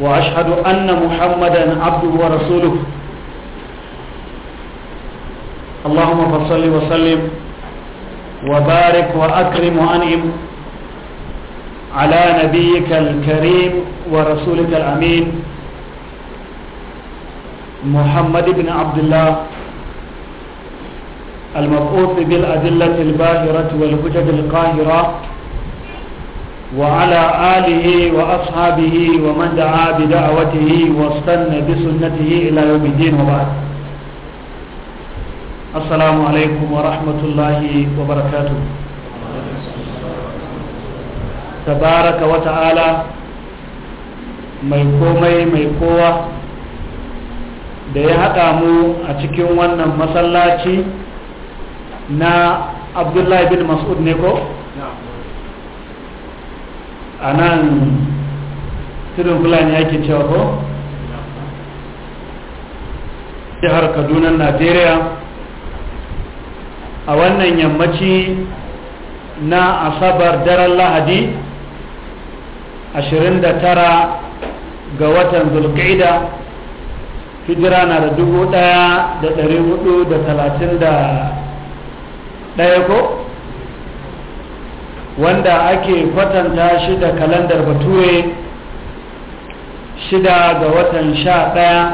وأشهد أن محمدا عبده ورسوله اللهم فصل وسلم وبارك وأكرم وأنعم على نبيك الكريم ورسولك الأمين محمد بن عبد الله المبعوث بالأدلة الباهرة والهجج القاهرة وعلى آله وأصحابه ومن دعا بدعوته واستنى بسنته إلى يوم الدين وبعد السلام عليكم ورحمة الله وبركاته تبارك وتعالى mai komai mai kowa da ya haɗa mu a cikin wannan masallaci na abdullahi bin mas'ud ne ko? a nan tudun fulani ake cewa ko jihar kaduna najeriya a wannan yammaci na asabar daren lahadi 29 ga watan zulqaida hijira na da dubu 1431 ko wanda ake kwatanta shi da kalandar bature shida ga watan sha ɗaya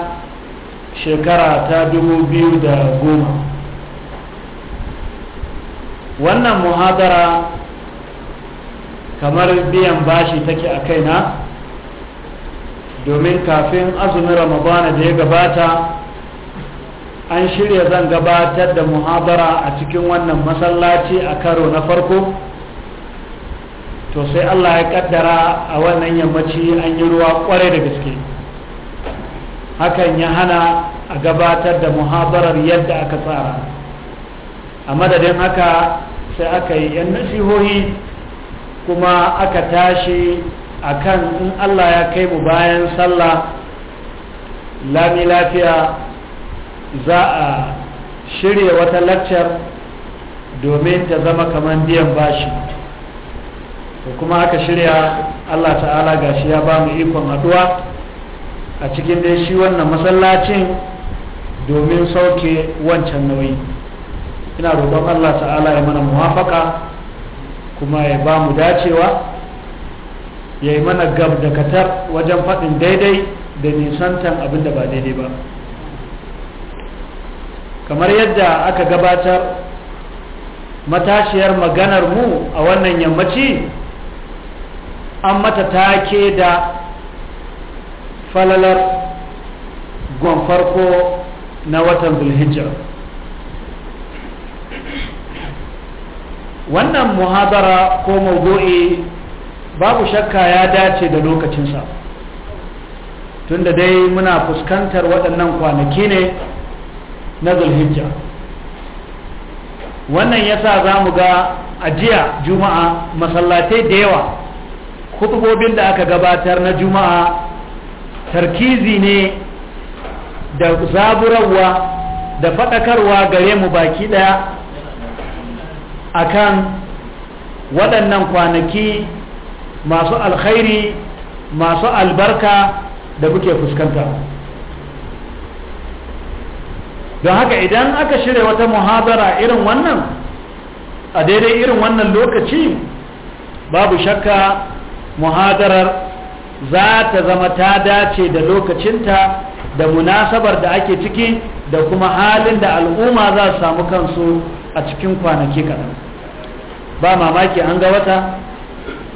shekara ta dubu biyu da goma wannan muhadara kamar biyan bashi take a kaina domin kafin azumin ramadana da ya gabata an shirya zan gabatar da muhabara a cikin wannan masallaci a karo na farko to sai Allah ya kaddara a wannan yammaci an yi ruwa kwarai da gaske hakan ya hana a gabatar da muhabarar yadda aka tsara a madadin haka sai aka yi yan nasihohi kuma aka tashi a kan in Allah ya kai mu bayan sallah lami lafiya za a shirya wata laccar domin ta zama kamar biyan bashi to kuma aka shirya Allah ta'ala ga shi ya ba mu ikon haduwa a cikin dai shi wannan masallacin domin sauke wancan nauyi ina roƙon Allah ta'ala ya mana muwafaka kuma ya ba mu dacewa ya yi mana gab da katar wajen faɗin daidai da nisantan abin da ba daidai ba kamar yadda aka gabatar matashiyar maganar mu a wannan yammaci an mata take da falalar gon na watan zulhijja wannan muhadara ko mawdu'i babu shakka ya dace da lokacinsa tunda dai muna fuskantar waɗannan kwanaki ne na zulhijja wannan yasa za mu ga ajiya juma'a masallatai da yawa hutubobin da aka gabatar na juma'a tarkizi ne da zaburarwa da faɗakarwa gare mu baki ɗaya akan waɗannan kwanaki masu alkhairi masu albarka da kuke fuskanta don haka idan aka shirya wata muhadara irin wannan a daidai irin wannan lokaci babu shakka muhadarar za ta zama ta dace da lokacinta da munasabar da ake ciki da kuma halin da al'umma za su samu kansu a cikin kwanaki kaɗan ba mamaki an ga wata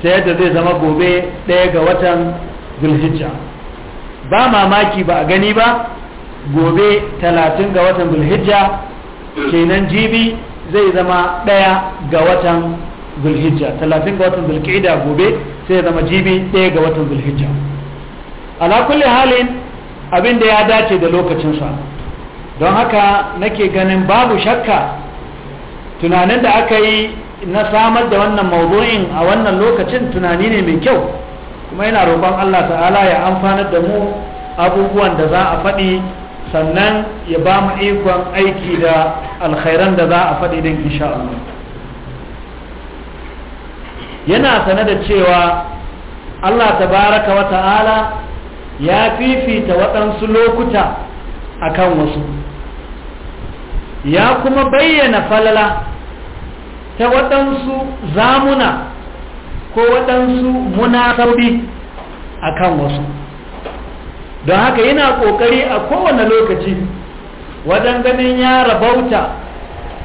ta yadda zai zama gobe ɗaya ga watan bilhijja ba mamaki ba a gani ba gobe talatin ga watan bilhijja kenan jibi zai zama ɗaya ga watan zulhijja talatin ga watan zulqa'ida gobe sai ya zama jibi ɗaya ga watan zulhijja ala kulli halin abin da ya dace da lokacinsa don haka nake ganin babu shakka tunanin da aka yi na samar da wannan mawdu'in a wannan lokacin tunani ne mai kyau kuma yana roƙon Allah ta'ala ya amfanar da mu abubuwan da za a faɗi sannan ya ba mu ikon aiki da alkhairan da za a faɗi din insha Allah yana sane da cewa Allah tabaraka wa ta'ala ya fifita waɗansu lokuta akan wasu ya kuma bayyana falala ta waɗansu zamuna ko waɗansu munasabi akan wasu don haka yana ƙoƙari a kowane lokaci wajen ganin ya rabauta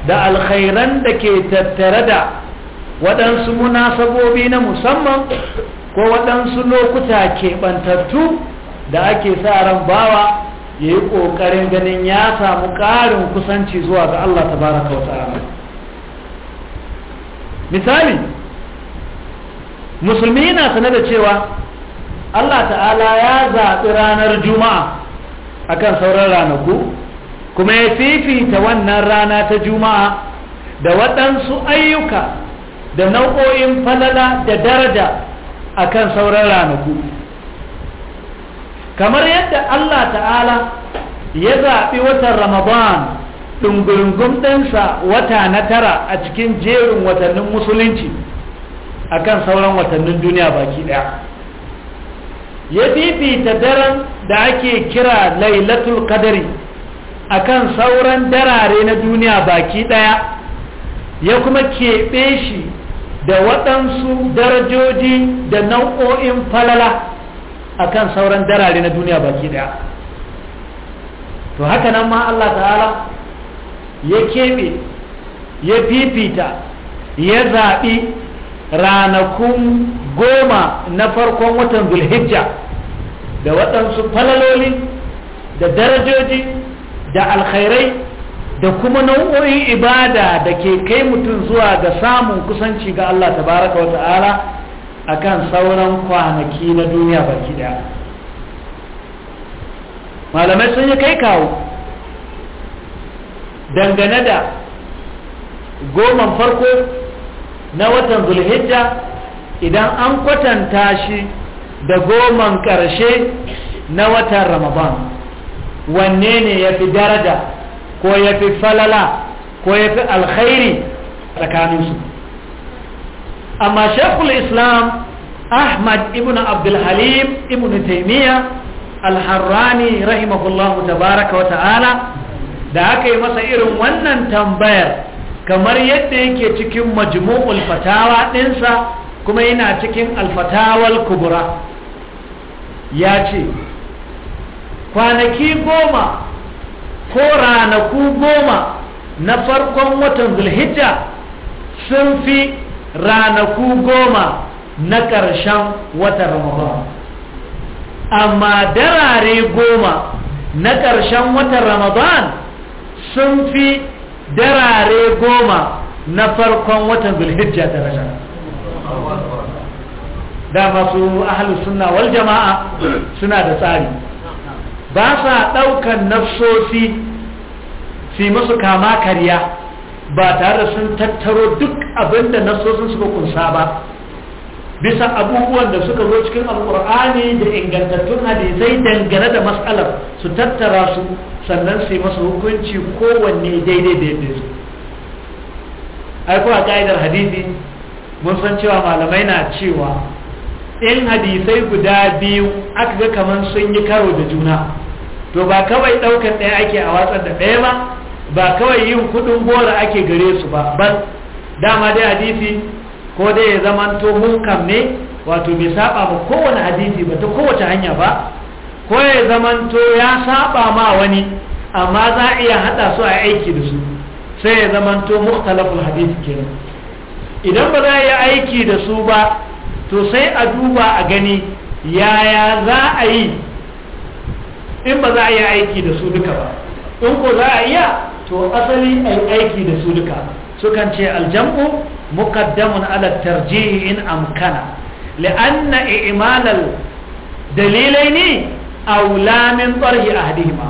da alkhairan da ke tattare da waɗansu munasabobi na musamman ko waɗansu lokuta keɓantattu da ake sa ran bawa ya yi ƙoƙarin ganin ya samu ƙarin kusanci zuwa ga Allah ta baraka wata misali musulmi yana sane da cewa Allah ta'ala ya zaɓi ranar juma'a akan sauran ranaku kuma ya fifita wannan rana ta juma'a da waɗansu ayyuka da nau'o'in falala da daraja akan sauran ranaku kamar yadda Allah ta'ala ya zaɓi watan ramadan ɗungurungun ɗinsa wata na tara a cikin jerin watannin musulunci akan sauran watannin duniya baki ɗaya ya fifita daren da ake kira lailatul qadari akan sauran darare na duniya baki ɗaya ya kuma keɓe shi da waɗansu darajoji da nau'o'in falala a kan sauran darare na duniya baki ɗaya to haka nan ma Allah ta'ala ya keɓe ya fifita ya zaɓi ranakun goma na farkon watan zulhijja da waɗansu falaloli da darajoji da alkhairai da kuma nau'o'in ibada da ke kai mutum zuwa ga samun kusanci ga Allah tabaraka wa ta'ala akan sauran kwanaki na duniya baki daya malamai sun yi kai kawo dangane da goman farko na watan zulhijja idan an kwatanta shi da goman ƙarshe na watan ramadan wanne ne ya fi daraja ko ya fi falala ko ya fi alkhairi tsakaninsu amma shekul islam ahmad ibn abdulhalim ibn taimiyya alharrani rahimahullahu tabaraka wa ta'ala da aka yi masa irin wannan tambayar kamar yadda yake cikin majmu'ul fatawa ɗinsa kuma yana cikin alfatawal kubura ya ce kwanaki goma ko ranaku goma na farkon watan zulhijja sun fi ranaku goma na ƙarshen watan ramadan amma darare goma na ƙarshen watan ramadan sun fi darare goma na farkon watan zulhijja da rasha da masu ahalus sunna wal jama'a suna da tsari ba sa ɗaukan nafsosi su masu kama karya ba tare da sun tattaro duk abin da nafsosin suka kunsa ba bisa abubuwan da suka zo cikin alkur'ani da ingantattun hadisai dangane da matsalar su tattara su sannan su yi masa hukunci kowanne daidai da yadda su ai a ka'idar hadisi mun san cewa malamai na cewa in hadisai guda biyu aka ga kamar sun yi karo da juna to ba kawai ɗaukar ɗaya ake a watsar da ɗaya ba ba kawai yin kuɗin gora ake gare su ba bas. dama dai hadisi ko dai ya zama to munkam ne wato bai saba ma kowane hadisi ba ta kowace hanya ba ko ya zama to ya saba ma wani amma za a iya haɗa su a aiki da su sai ya zama to mukhtalaful hadisi kenan idan ba za a yi aiki da su ba to sai a duba a gani yaya za a yi in ba za a yi aiki da su duka ba in ko za a iya to asali a yi aiki da su duka sukan ce aljam'u muqaddamun ala tarjihi in amkana li'anna i'malal dalilaini aula min tarhi ahdihima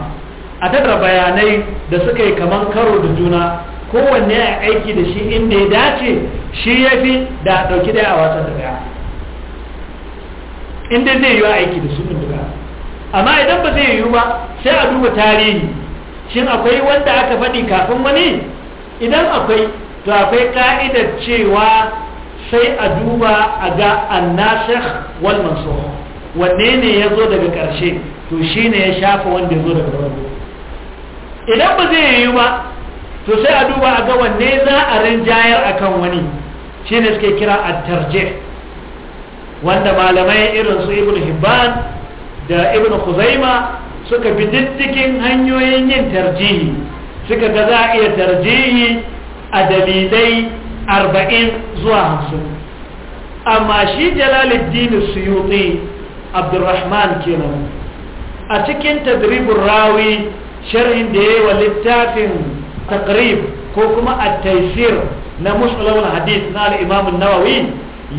a tattara bayanai da suka yi kaman karo da juna kowanne ya aiki da shi inda ya dace shi ya fi da ɗauki daya a wasan da daya in dai zai yi aiki da su amma idan ba zai yi ba sai a duba tarihi shin akwai wanda aka faɗi kafin wani idan akwai to akwai ka'idar cewa sai a duba a ga annashekh wal mansur wanne ne ya zo daga ƙarshe to shi ne ya shafa wanda ya zo daga farko idan ba zai yi ba to sai a duba a ga wanne za a rinjayar akan wani shi ne suke kira a tarjih wanda malamai irin su ibn hibban da ibn khuzaima suka bi diddikin hanyoyin yin tarjihi suka ga za a iya tarjihi a dalilai arba'in zuwa hamsin amma shi jalaluddin suyuti abdurrahman kenan a cikin tadribin rawi sharhin da ya yi wa littafin takrib ko kuma a taisir na musulun hadith na al'imamun nawawi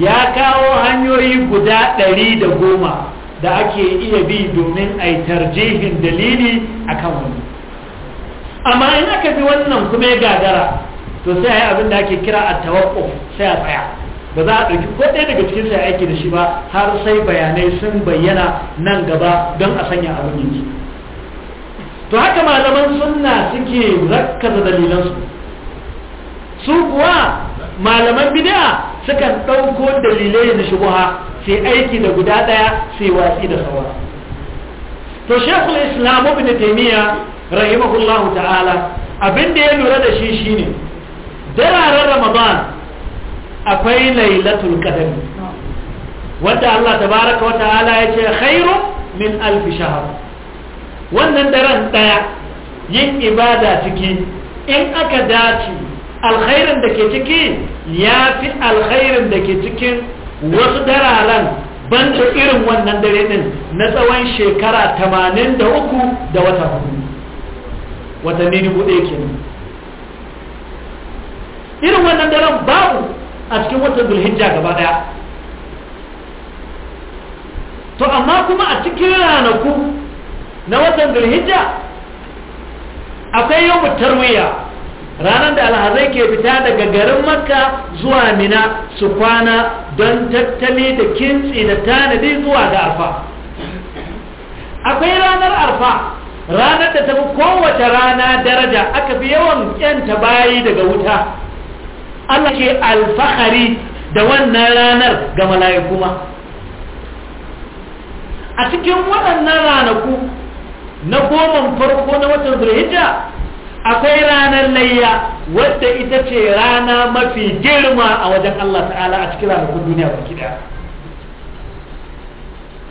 ya kawo hanyoyi guda ɗari da goma da ake iya bi domin a yi tarjihin dalili a kan wani amma in aka fi wannan kuma ya gagara to sai a yi abin da ake kira a tawakko sai a tsaya ba za a ɗauki ko ɗaya daga cikin sai aiki da shi ba har sai bayanai sun bayyana nan gaba don a sanya abin yanzu to haka malaman sunna suke rakkaza dalilansu su kuwa malaman bid'a sukan ɗauko dalilai da shubuha sai aiki da guda ɗaya sai watsi da sauran to shekul islam ibn taimiyya rahimahullahu ta'ala abinda ya lura da shi shine dararen ramadan akwai lailatul qadr Wadda Allah tabaraka wata'ala ya ce khairu min alfi shahr wannan daren ɗaya yin ibada ciki in aka dace alkhairin da ke ciki ya fi alkhairin da ke cikin wasu dararen banda irin wannan dare din na tsawon shekara 83 da wata hudu watanni dubu ɗaya ke irin wannan daren babu a cikin watan zulhijja gaba ɗaya to amma kuma a cikin ranaku na watan zulhijja akwai yau tarwiyya ranar da alhazai ke fita daga garin makka zuwa mina su kwana don tattali da kintsi da tanadi zuwa ga arfa akwai ranar arfa ranar da tafi kowace rana daraja aka fi yawan kyanta bayi daga wuta allah ke alfahari da wannan ranar ga mala'ikuma a cikin waɗannan ranaku na goman farko na watan zulhijja akwai ranar layya wadda ita ce rana mafi girma a wajen Allah ta'ala a cikin ranakun duniya baki daya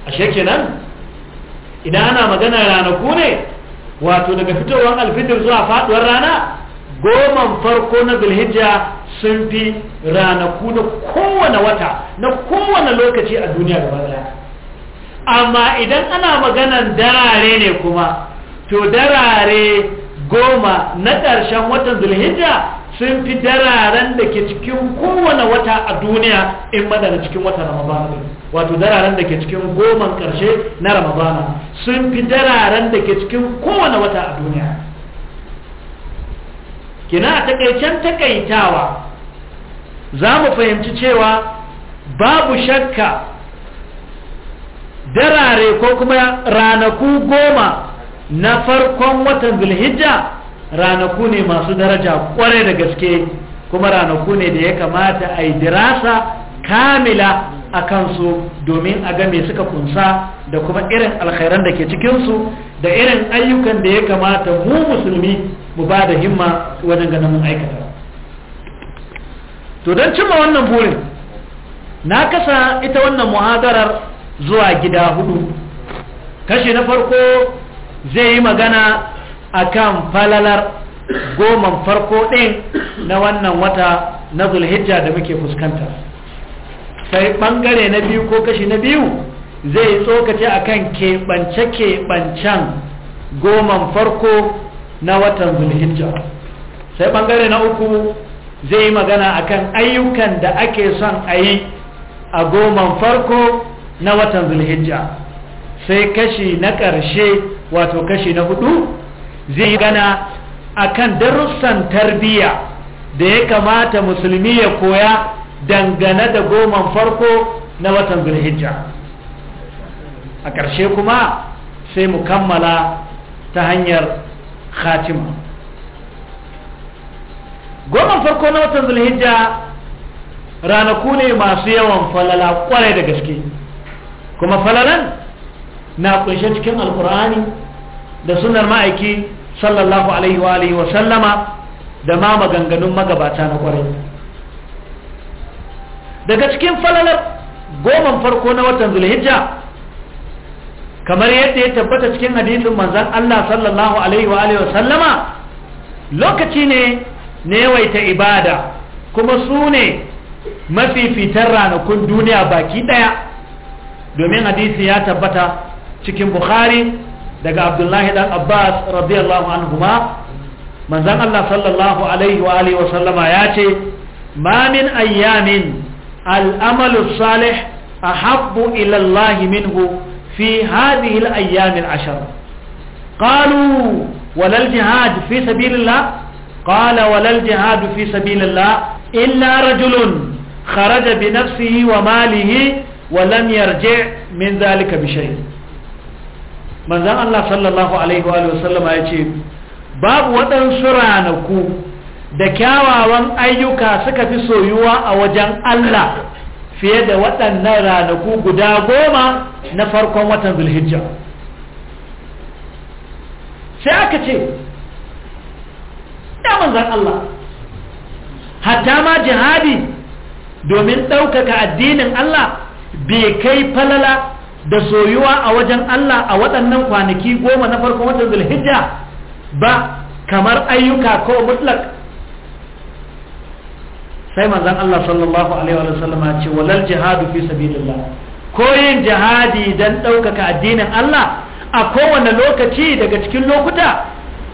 a shekenan idan ana magana ranaku ne wato daga fitowar alfitir zuwa faduwar rana goman farko na bilhijja sun fi ranaku na kowane wata na kowane lokaci a duniya gaba daya amma idan ana maganan darare ne kuma to darare goma na ƙarshen watan zulhijja sun fi dararen da ke cikin kowane wata a duniya in ma daga cikin wata ramadana wato dararen da ke cikin goman ƙarshe na ramadana sun fi dararen da ke cikin kowane wata a duniya kina a takaicen takaitawa za mu fahimci cewa babu shakka darare ko kuma ranaku goma na farkon watan zulhijja ranaku ne masu daraja kwarai da gaske kuma ranaku ne da ya kamata a yi dirasa kamila a kansu domin a game suka kunsa da kuma irin alkhairan da ke cikinsu da irin ayyukan da ya kamata mu musulmi mu ba da himma wajen ganin mun aikata to don cimma wannan burin na kasa ita wannan muhadarar zuwa gida hudu kashi na farko zai yi magana akan falalar goman farko ɗin na wannan wata na zulhijja da muke fuskanta sai ɓangare na biyu ko kashi na biyu zai tsokace kan keɓance-keɓancen goman farko na watan zulhijja sai ɓangare na uku zai yi magana akan ayyukan da ake son a yi a goman farko na watan zulhijja sai kashi na ƙarshe wato kashi na hudu zai yi gana kan darussan tarbiyya da ya kamata musulmi ya koya dangane da goman farko na watan zulhijja a ƙarshe kuma sai mu kammala ta hanyar khatima goman farko na watan zulhijja ranaku ne masu yawan falala kwarai da gaske kuma falalan na kunshe cikin alkur'ani da sunar ma'aiki sallallahu alaihi wa alihi wa sallama da ma maganganun magabata na kwarai daga cikin falalar goman farko na watan zulhijja kamar yadda ya tabbata cikin hadisin manzan Allah sallallahu alaihi wa alihi wa sallama lokaci ne na yawaita ibada kuma su ne mafifitan ranakun duniya baki daya domin hadisi ya tabbata cikin bukhari daga abdullahi dan abbas radiyallahu anhuma manzan allah sallallahu alaihi wa alihi wa sallama ya ce ma min ayyamin al'amalu salih ahabbu ila allah minhu fi hadhihi al-ayyam al-ashr qalu wal al-jihad fi sabilillah قال ولا الجهاد في illa rajulun kharaja bi nafsihi wa malihi ولم يرجع من ذلك بشيء manzan Allah sallallahu alaihi wa ya ce babu waɗansu ranaku da kyawawan ayyuka suka fi soyuwa a wajen Allah fiye da waɗannan ranaku guda goma na farkon watan zulhijja sai aka ce ya manzan Allah hatta ma jihadi domin ɗaukaka addinin Allah bai kai falala da soyuwa a wajen Allah a waɗannan kwanaki goma na farko watan zulhijja ba kamar ayyuka ko mutlak sai manzon Allah sallallahu alaihi wa ce walal jihadu fi sabilillah ko yin jihadi dan ɗaukaka addinin Allah a kowane lokaci daga cikin lokuta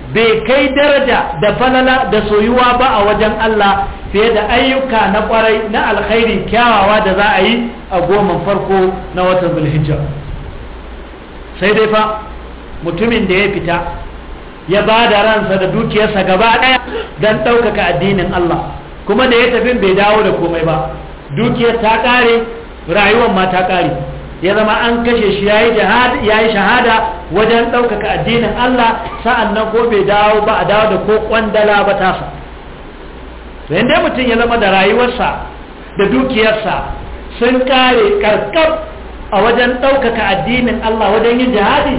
bai kai daraja da falala da soyuwa ba a wajen Allah fiye da ayyuka na kwarai na alkhairi kyawawa da za a yi a goman farko na watan zulhijja sai dai fa mutumin da ya fita ya ba da ransa da dukiyarsa gaba ɗaya don ɗaukaka addinin Allah kuma da ya tafi bai dawo da komai ba dukiyar ta ƙare rayuwar ma ta ƙare ya zama an kashe shi ya yi shahada wajen ɗaukaka addinin Allah sa'an nan ko bai dawo ba a dawo da ko kwandala ba tasa to yanda mutum ya zama da rayuwarsa da dukiyarsa sun kare karkar a wajen ɗaukaka addinin Allah wajen yin jihadi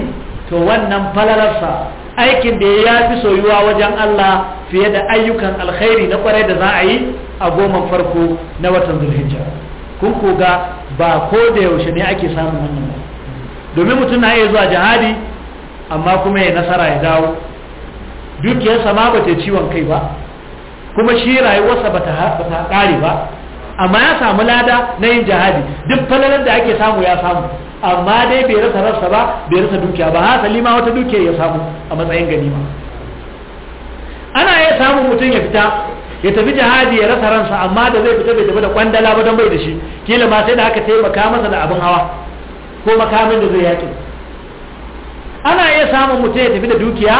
to wannan falalarsa aikin da ya fi soyuwa wajen Allah fiye da ayyukan alkhairi na kwarai da za a yi a goman farko na watan zulhijja kun koga ba ko da yaushe ne ake samun wannan ba domin mutum na iya zuwa jihadi amma kuma ya nasara ya dawo dukiyarsa ma ba ta ciwon kai ba kuma shi rayuwarsa ba ta ƙare ba amma ya samu lada na yin jihadi duk falalar da ake samu ya samu amma dai bai rasa rasa ba bai rasa dukiya ba Ha Salima wata dukiya ya samu a matsayin ganima ana iya samun mutum ya fita ya tafi jihadi ya rasa ransa amma da zai fita bai tafi da kwandala ba don bai da shi kila ma sai da aka taimaka masa da abin hawa ko makamin da zai yaƙi ana iya samun mutum ya tafi da dukiya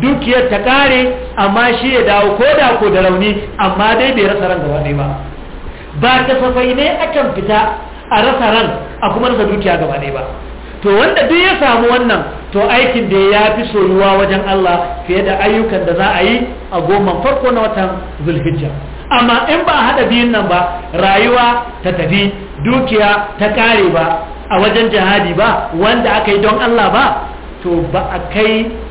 dukiyar ta kare amma shi ya dawo ko da ko da rauni amma dai bai rasa ran gaba ɗaya ba ba safai ne akan fita a rasa ran a kuma rasa dukiya gaba ɗaya ba to wanda duk ya samu wannan to aikin da ya fi soyuwa wajen Allah fiye da ayyukan da za a yi a goman farko na watan zulhijja amma in ba a haɗa biyun nan ba rayuwa ta tafi dukiya ta ƙare ba a wajen jihadi ba wanda aka yi don Allah ba to ba a kai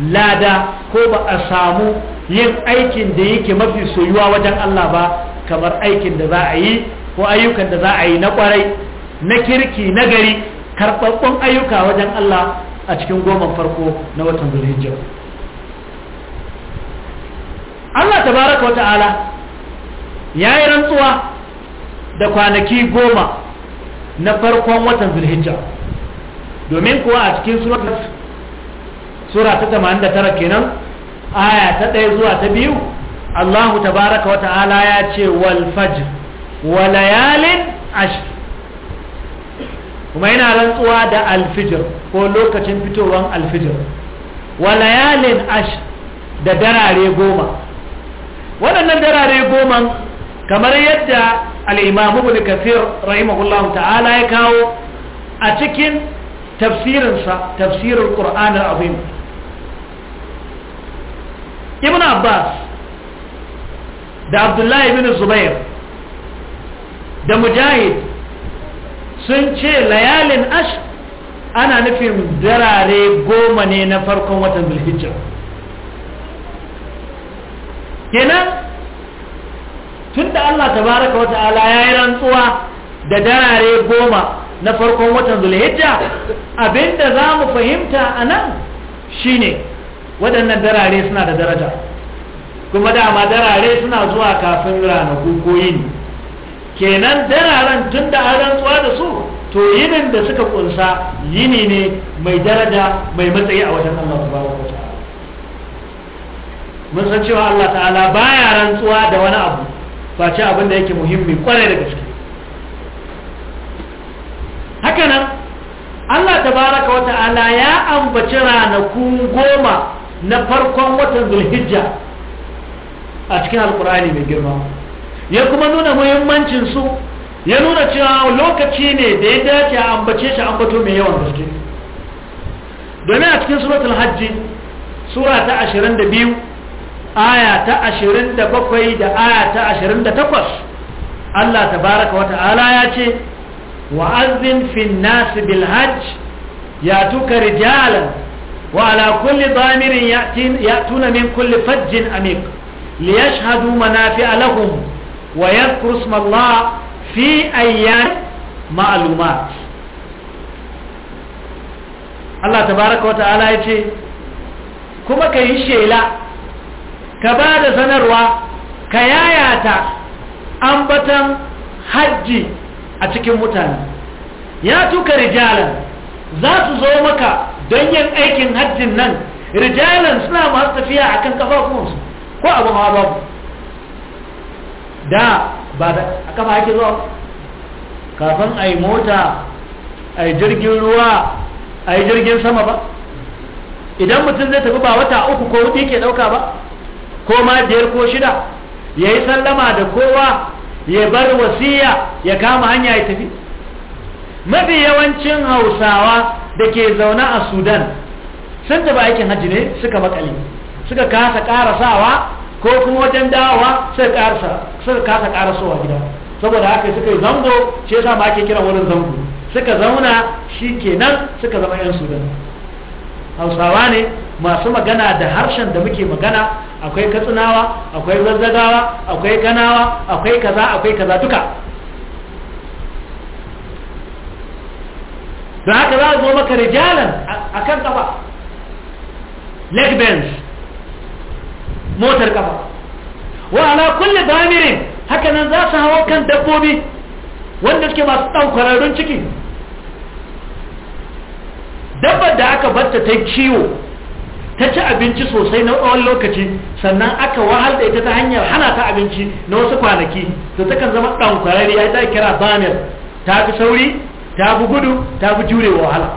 lada ko ba a samu yin aikin da yake mafi soyuwa wajen Allah ba kamar aikin da za a yi ko ayyukan da za a yi na kwarai na kirki na gari karɓaɓɓun ayyuka wajen Allah a cikin goma farko na watan zulhijja Allah tabaraka wata'ala ya yi rantsuwa da kwanaki goma na farkon watan zulhijja domin kuwa a cikin surat sura ta tara kenan aya ta ɗaya zuwa ta biyu, Allahu tabaraka wa ta'ala ya ce wal wa layalin kuma yana rantsuwa da alfijir ko lokacin fitowar alfijir wa layalin ashr da darare goma waɗannan darare goman kamar yadda al'imamu bin kafir rahimahullahu ta'ala ya kawo a cikin tafsirinsa tafsirin ƙur'anin abin ibn abbas da abdullahi bin zubair da mujahid sun ce layalin ash ana nufin darare goma ne na farkon watan zulhijja kenan tunda Allah tabaraka wa ta'ala ya yi rantsuwa da darare goma na farkon watan zulhijja abinda za mu fahimta a nan shine waɗannan darare suna da daraja kuma dama darare suna zuwa kafin ranaku ko yini kenan dararen tun da an rantsuwa da su to yinin da suka kunsa yini ne mai daraja mai matsayi a wajen Allah subhanahu wa ta'ala mun san cewa Allah ta'ala baya rantsuwa da wani abu face abin da yake muhimmi kwarai da gaske haka nan Allah tabaraka wa ta'ala ya ambaci ranaku goma na farkon watan zulhijja a cikin alkur'ani mai girma ya kuma nuna muhimmancin su ya nuna cewa lokaci ne da ya dace a ambace shi ambato mai yawan gaske domin a cikin suratul hajji sura ta 22 aya ta 27 da aya ta 28 Allah tabaraka wa ta'ala ya ce wa'azzin fin nas bil hajj ya tuka rijalan وعلى كل ضامر يأتون من كل فج عميق ليشهدوا منافع لهم ويذكروا اسم الله في أيام معلومات الله تبارك وتعالى يتي كما كي شيلا كبار سنروا كياياتا أنبتا حجي أتكي متانا ياتوك رجالا ذات زومك don yin aikin hajjin nan rijalan suna masu tafiya a kan kafafunsu ko abin hawa ku da ba da a kafa ake zuwa kafin a yi mota a yi jirgin ruwa a yi jirgin sama ba idan mutum zai tafi ba wata uku ko hudu ke dauka ba ko ma biyar ko shida ya yi sallama da kowa ya bar wasiya ya kama hanya ya tafi mafi yawancin hausawa da ke zauna a sudan sun tafi aikin hajji ne suka makali suka kasa karasawa ko kuma wajen dawowa suka kasa karasowa gida saboda haka suka yi zango shi yasa ma ake kira wurin zango suka zauna shi kenan suka zama 'yan sudan hausawa ne masu magana da harshen da muke magana akwai katsinawa akwai zazzagawa akwai ganawa akwai kaza akwai kaza duka don haka za a zo maka rijalan a kan kafa leg bends motar kafa wa ala kulli damirin haka nan za su hawa kan dabbobi wanda suke masu ɗaukwararrun ciki dabbar da aka batta ta ciwo ta ci abinci sosai na tsawon lokaci sannan aka wahal da ita ta hanyar hana ta abinci na wasu kwanaki da kan zama ɗankwararri ya ta kira bamir ta fi sauri ta gudu ta fi jure wahala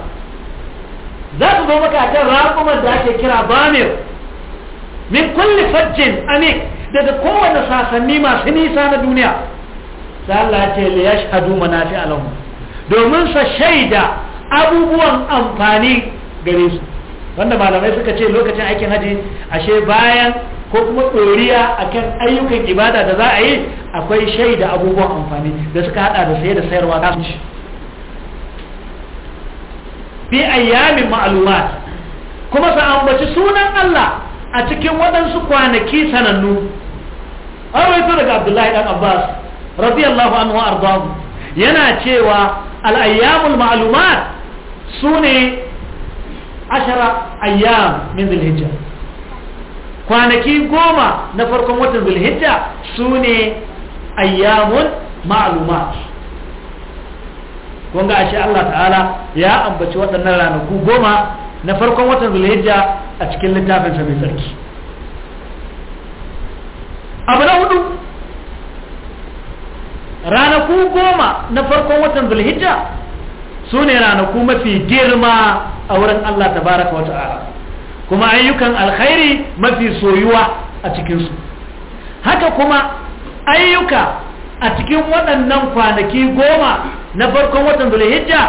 za su zo maka kan raƙumar da ake kira bamir min kulli fajjin anik daga kowane sasanni masu nisa na duniya sai Allah ce li yashhadu manafi alam domin sa shaida abubuwan amfani gare su wanda malamai suka ce lokacin aikin haji ashe bayan ko kuma ɗoriya kan ayyukan ibada da za a yi akwai shaida abubuwan amfani da suka hada da saye da sayarwa na fi ayyamin ma'lumat kuma sa ambaci sunan Allah a cikin waɗansu kwanaki sanannu an rawaito daga Abdullahi dan Abbas radiyallahu anhu ardahu yana cewa al-ayyamul ma'lumat sune ashara ayyam min dhil kwanaki goma na farkon watan dhil sune ayyamun ma'lumat kun ga ashe Allah ta'ala ya ambaci waɗannan ranaku goma na farkon watan zulhijja a cikin sa mai sarki. abu na hudu ranaku goma na farkon watan zulhijja su ne ranaku mafi girma a wurin Allah tabaraka wa ta'ala kuma ayyukan alkhairi mafi soyuwa a cikinsu haka kuma ayyuka a cikin waɗannan kwanaki goma na farkon watan zulhijja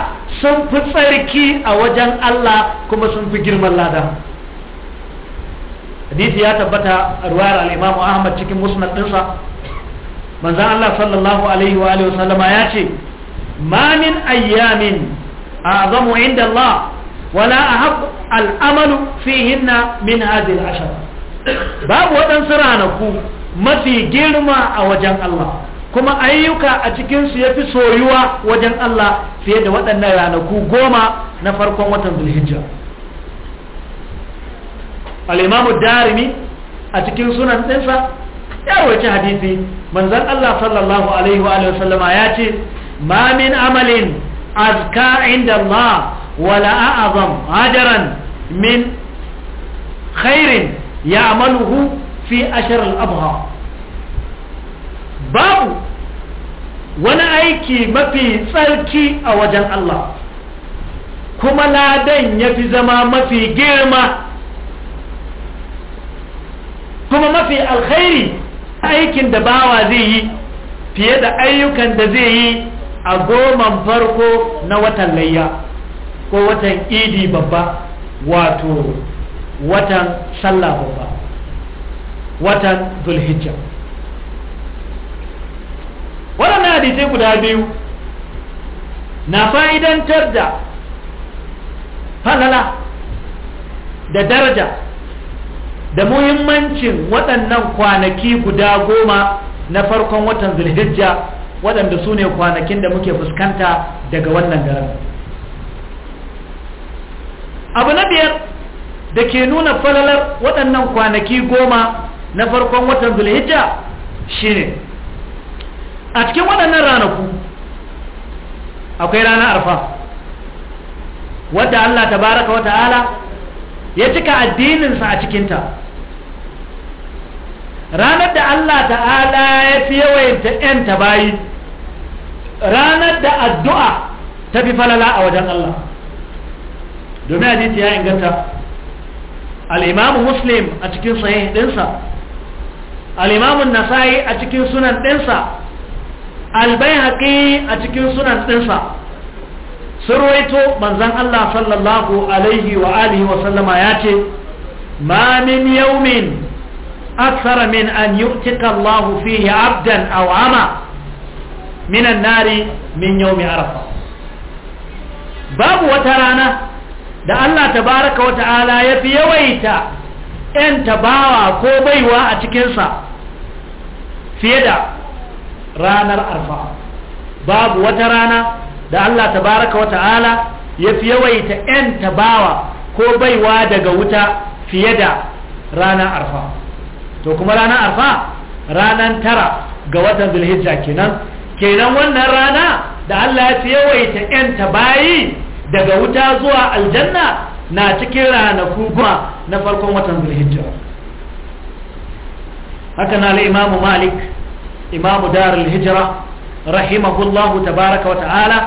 sun fi tsarki a wajen Allah kuma sun fi girman lada hadisi ya tabbata ruwayar al-Imam Ahmad cikin musnad dinsa manzon Allah sallallahu alaihi wa alihi ya ce ma min ayyamin a'zamu inda Allah wala ahab al'amalu amalu hinna min hadhihi ashara babu waɗansu ranaku mafi girma a wajen Allah kuma ayyuka a cikinsu ya fi soyuwa wajen Allah fiye da waɗannan ranaku goma na farkon watan zulhijja al'imamu darimi a cikin sunan ɗinsa ya roci hadisi manzan Allah sallallahu alaihi wa sallama ya ce ma min amalin azka inda ma wala a'azam hajaran min khairin ya amaluhu fi ashirar abuha babu wani aiki mafi tsarki a wajen Allah kuma ladan ya fi zama mafi girma kuma mafi alkhairi aikin da bawa zai yi fiye da ayyukan da zai yi a goman farko na watan layya ko watan idi babba wato watan sallah babba watan zulhijja waɗannan hadisai guda biyu na fa'idantar da falala da daraja da muhimmancin waɗannan kwanaki guda goma na farkon watan zulhijja waɗanda su ne kwanakin da muke fuskanta daga wannan daren abu na biyar da ke nuna falalar waɗannan kwanaki goma na farkon watan zulhijja shine a cikin waɗannan ranaku akwai rana arfa wadda Allah tabaraka wa ta'ala ya cika addininsa a cikinta ranar da Allah ta'ala ya fi yawaita yanta bayi, ranar da addu'a ta fi falala a wajen Allah domin hadisi ya inganta al'imamu muslim a cikin sahih ɗinsa al'imamun nasa'i a cikin sunan ɗinsa albayhaqi a cikin sunan ɗinsa sun rawaito manzon Allah sallallahu alaihi wa alihi wa sallama ya ce ma min yawmin akthara min an yu'tika Allah fihi 'abdan aw 'ama min an-nari min yawmi arafa babu wata rana da Allah tabaraka wa ta'ala ya fi yawaita ‘yan tabawa ko baiwa a cikinsa fiye da ranar arba'a babu wata rana da Allah tabaraka wa ta'ala ya fi yawaita 'yan tabawa ko baiwa daga wuta fiye da ranar arfa to kuma ranar arfa ranar tara ga watan zulhijja kenan kenan wannan rana da Allah ya fi yawaita 'yan tabayi daga wuta zuwa aljanna na cikin ranaku kuma na farkon watan zulhijja haka na al'imamu malik imamu darul hijira rahimahullahu tabaraka wa ta'ala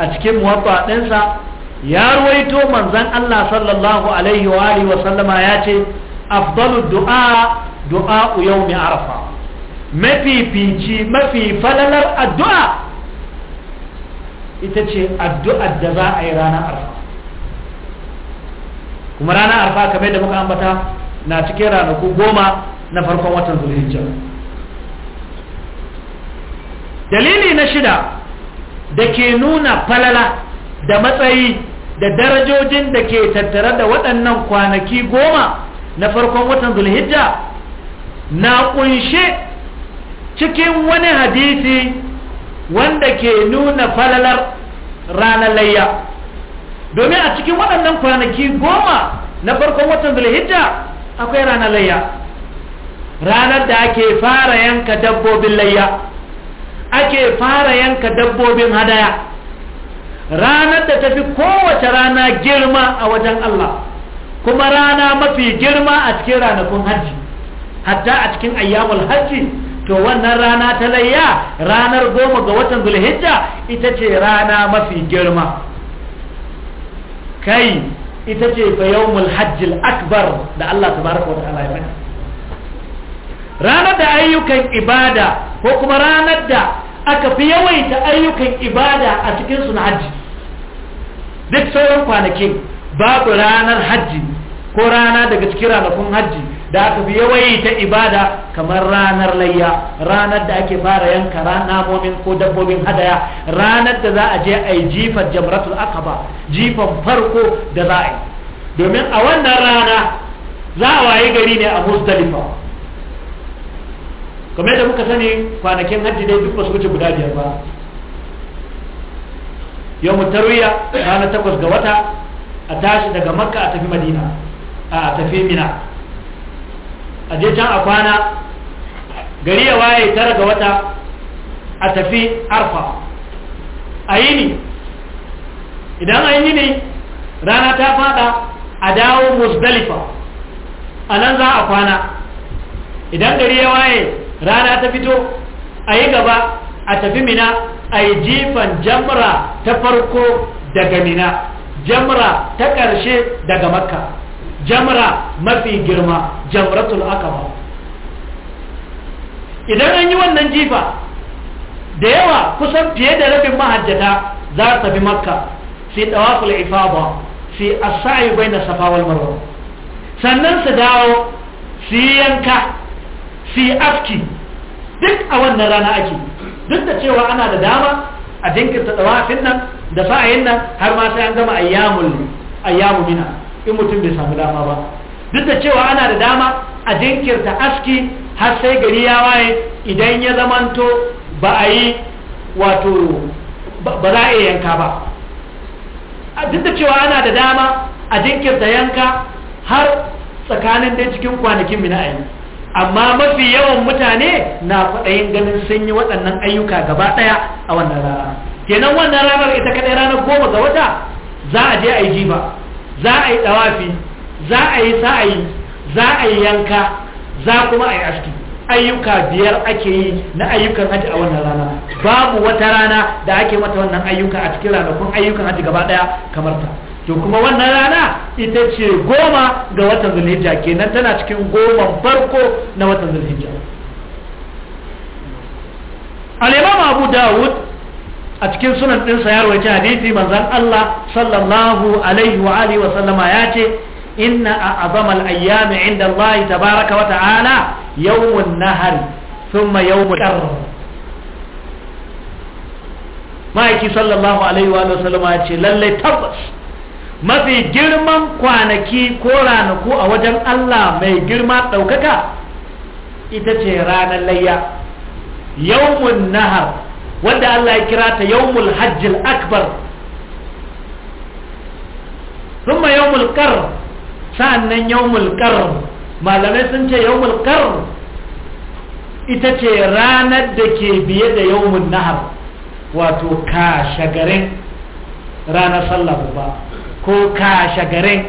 a cikin muwatta ɗinsa ya ruwaito manzan Allah sallallahu alaihi wa alihi wa sallama ya ce afdalu du'a du'a yawmi arafa mafifici mafi falalar addu'a ita ce addu'ar da za a yi ranar arfa kuma ranar arfa kamar da muka ambata na cikin ranaku goma na farkon watan zulhijja dalili na shida da ke nuna falala da matsayi da darajojin da ke tattare da waɗannan kwanaki goma na farkon watan zulhijja na kunshe cikin wani hadisi wanda ke nuna falalar ranar layya domin a cikin waɗannan kwanaki goma na farkon watan zulhijja akwai ranar layya ranar da ake fara yanka dabbobin layya ake fara yanka dabbobin hadaya ranar da tafi kowace rana girma a wajen Allah kuma rana mafi girma a cikin ranakun hajji hatta a cikin ayyamul hajji to wannan rana ta layya ranar goma ga watan zulhijja ita ce rana mafi girma kai ita ce fa yawmul hajjil akbar da Allah tabaraka wa ta'ala ya faɗi ranar da ayyukan ibada ko kuma ranar da aka fi yawaita ayyukan ibada a cikinsu na hajji duk sauran kwanakin babu ranar hajji ko rana daga cikin ranakun hajji da aka fi yawaita ibada kamar ranar layya ranar da ake fara yanka namomin ko dabbobin hadaya ranar da za a je a yi jifar jamratul akaba jifan farko da za a yi domin a wannan rana za a waye gari ne a musdalifa kamar da muka sani kwanakin hajji dai duk wasu wuce guda biyar ba yau tarwiya rana takwas ga wata a tashi daga makka a tafi madina a tafi mina a je can a kwana gari ya waye tara ga wata a tafi arfa a yi ne idan an yi ne rana ta fada a dawo musdalifa a nan za a kwana idan gari ya waye rana ta fito a yi gaba a tafi mina a yi jifan jamra ta farko daga mina jamra ta ƙarshe daga makka jamra mafi girma jamratul akaba idan an yi wannan jifa da yawa kusan fiye da rabin mahajjata za su tafi makka sai yi tawaful ifaba sai yi asa'i bai na safawar marwa sannan su dawo su yi yanka fi afki duk a wannan rana ake duk da cewa ana da dama a jinkirta wafin nan da sa'ayin nan har ma sai an gama ayyamul ayyamu mina in mutum bai samu dama ba duk da cewa ana da dama a jinkirta aski har sai gari ya waye idan ya zamanto ba a yi wato ba za a iya yanka ba duk da cewa ana da dama a jinkirta yanka har tsakanin dai cikin kwanakin mina a yanzu amma mafi yawan mutane na kwaɗayin ganin sun yi waɗannan ayyuka gaba ɗaya a wannan rana kenan wannan ranar ita kaɗai ranar goma ga wata za a je a yi jiba za a yi ɗawafi za a yi sa'ayi za a yi yanka za kuma a yi aski ayyuka biyar ake yi na ayyukan haji a wannan rana babu wata rana da ake mata wannan ayyuka a cikin ranakun ayyukan haji gaba ɗaya kamar ta to kuma wannan rana ita ce goma ga watan zulhijja kenan tana cikin goman farko na watan zulhijja al'imam abu dawud a cikin sunan ɗinsa ya rawaita hadisi manzan allah sallallahu alaihi wa alihi wa sallama ya ce inna a azamal ayyami inda allahi tabaraka wa ta'ala yawmun nahar thumma yawmul qar ma'aiki sallallahu alaihi wa sallama ya ce lallai tabbas mafi girman kwanaki ko ranaku a wajen Allah mai girma ɗaukaka ita ce ranar layya yawmun nahar wanda Allah ya kira ta yawmul hajjil akbar thumma yawmul qar sa'annan yawmul malamai sun ce yawmul ita ce ranar da ke biye da yawmun nahar wato ka shagarin ranar sallah ba ko kashe garin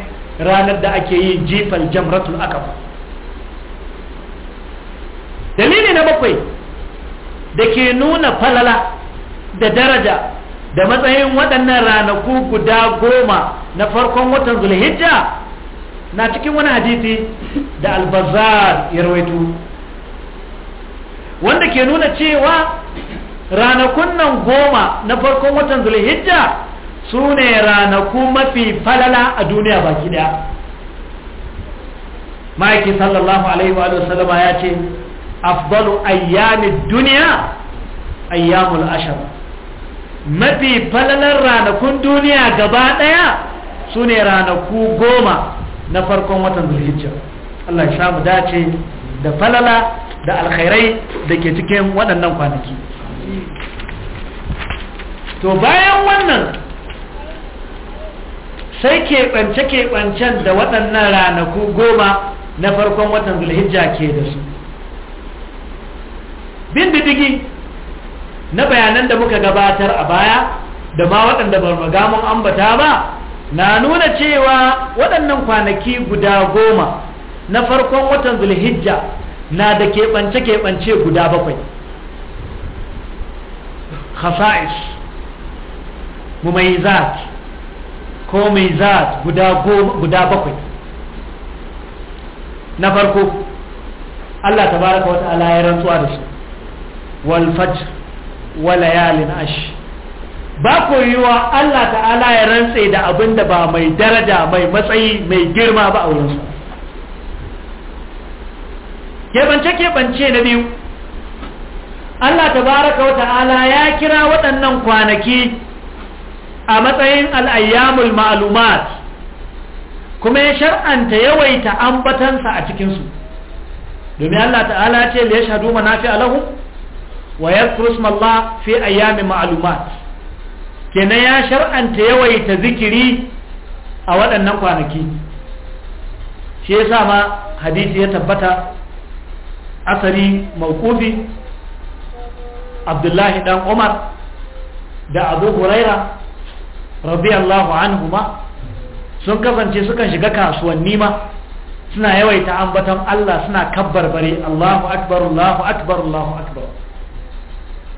ranar da ake yin jifan jamratul akafa dalili na bakwai da ke nuna falala da daraja da matsayin waɗannan ranaku guda goma na farkon watan zulhijja na cikin wani hadisi da albazar ya rawaito wanda ke nuna cewa ranakun nan goma na farkon watan zulhijja su ne ranaku mafi falala a duniya baki daya ma'aiki sallallahu alaihi wa sallama ya ce Abalu ayyamin duniya ayyamul ashar mafi falalar ranakun duniya gaba daya su ne ranaku goma na farkon watan zulhijjar Allah ya mu dace da falala da alkhairai da ke cikin waɗannan kwanaki to bayan wannan sai keɓance-keɓancen da waɗannan ranaku goma na farkon watan zulhijja ke da su bin didigi na bayanan da muka gabatar a baya da ma waɗanda ba mun ambata ba na nuna cewa waɗannan kwanaki guda goma na farkon watan zulhijja na da keɓance-keɓance guda bakwai khasa'is zaki. ko mai za guda bakwai na farko Allah tabaraka wata ya rantsuwa da su wal fajr layalin ash ba yiwa Allah ta'ala ya rantse da abin da ba mai daraja mai matsayi mai girma ba a wurinsa keɓance keɓance na biyu Allah tabaraka wa ta'ala ya kira waɗannan kwanaki a matsayin al'ayyamul ma'alumat kuma ya shar'anta yawaita ambatansa a cikinsu domin Allah ta'ala ce da ya shahadu fi alahu wa ya kurusmallah fi ayyamin ma'alumat kenan ya shar'anta yawaita zikiri a waɗannan kwanaki shi ya sa ma hadisi ya tabbata asali mawkufi abdullahi dan umar da abu huraira rabi allahu anhu ma sun kasance sukan shiga kasuwanni ma suna yawaita ambaton Allah suna kabbarbare Allahu akbar Allahu akbar Allahu akbar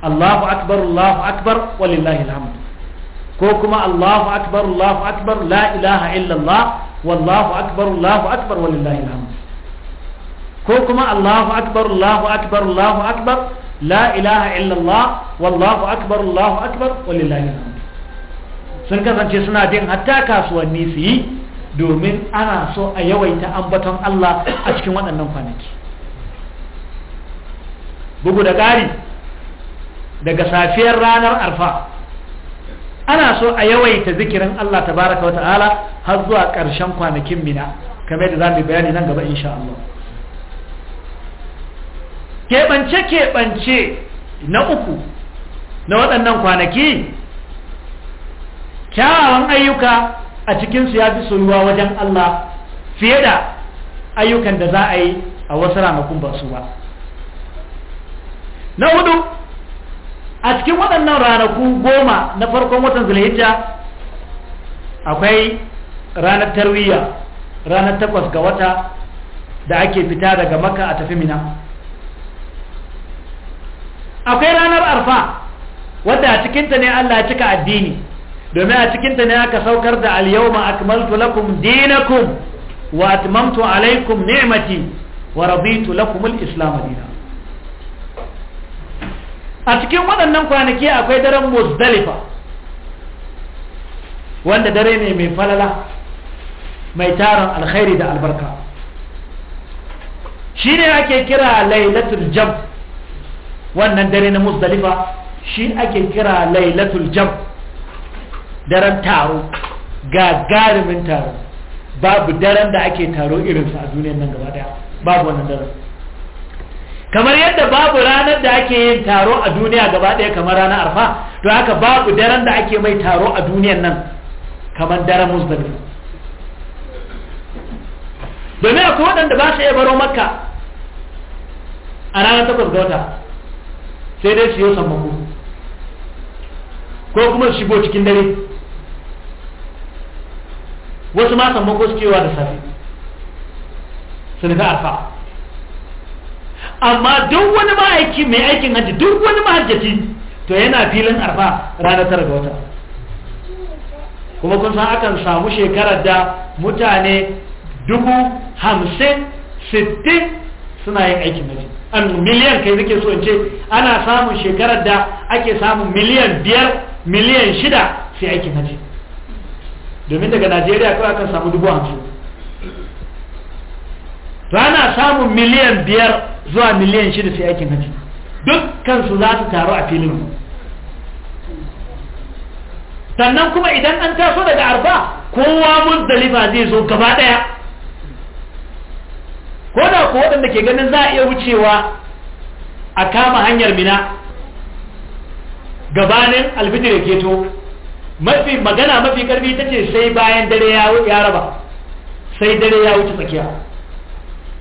Allahu akbar Allahu akbar walillahi alhamd ko kuma Allahu akbar Allahu akbar la ilaha illa illallah wallahu akbar Allahu akbar walillahi alhamd ko kuma Allahu akbar Allahu akbar Allahu akbar la ilaha illa illallah wallahu akbar Allahu akbar walillahi alhamd sun kasance suna jin hatta kasuwanni su yi domin ana so a yawaita ambaton Allah a cikin waɗannan kwanaki bugu da ƙari daga safiyar ranar arfa ana so a yawaita zikirin Allah tabaraka wa ta'ala har zuwa ƙarshen kwanakin mina kamar da za mu bayani nan gaba insha Allah keɓance-keɓance na uku na waɗannan kwanaki kyawawan ayyuka a cikinsu ya fi soyuwa wajen Allah fiye da ayyukan da za a yi a wasu ranakun ba su ba na hudu a cikin waɗannan ranaku goma na farkon watan zulhijja akwai ranar tarwiyya ranar takwas ga wata da ake fita daga maka a tafi mina akwai ranar arfa wadda a cikinta ne Allah ya cika addini domin a cikinta ne aka saukar da al-yawma akmaltu lakum dinakum wa atmamtu alaykum ni'mati wa raditu lakum al-islam dinan a cikin waɗannan kwanaki akwai daren muzdalifa wanda dare ne mai falala mai taron alkhairi da albarka shi ne ake kira lailatul wannan dare na muzdalifa shi ake kira lailatul daren taro gagarumin taro babu daren da ake taro irinsa a duniyar nan gaba daya babu wannan daren kamar yadda babu ranar da ake yin taro a duniya gaba daya kamar ranar arfa to haka babu daren da ake mai taro a duniyar nan kamar daren musulmi domin akwai waɗanda ba su iya baro makka a ranar takwas ga wata sai dai su yi sammako ko kuma su shigo cikin dare wasu ma sammako suke yawa da safe su nufi arfa amma duk wani ma'aiki mai aikin hajji duk wani mahajjaci to yana filin arfa ranar tara ga wata kuma kun san akan samu shekarar da mutane dubu hamsin sittin suna yin aikin hajji an miliyan kai nake so in ce ana samun shekarar da ake samun miliyan biyar miliyan shida sai aikin hajji domin daga najeriya kawai akan samu dubu hamsin to ana samun miliyan biyar zuwa miliyan shida sai aikin hajji dukkansu za su taru a filin sannan kuma idan an taso daga arba kowa muzdalifa zai zo gaba ɗaya. ko da ko waɗanda ke ganin za a iya wucewa a kama hanyar mina gabanin alfijir ya keto mafi magana mafi karfi ta ce sai bayan dare ya raba sai dare ya wuce tsakiya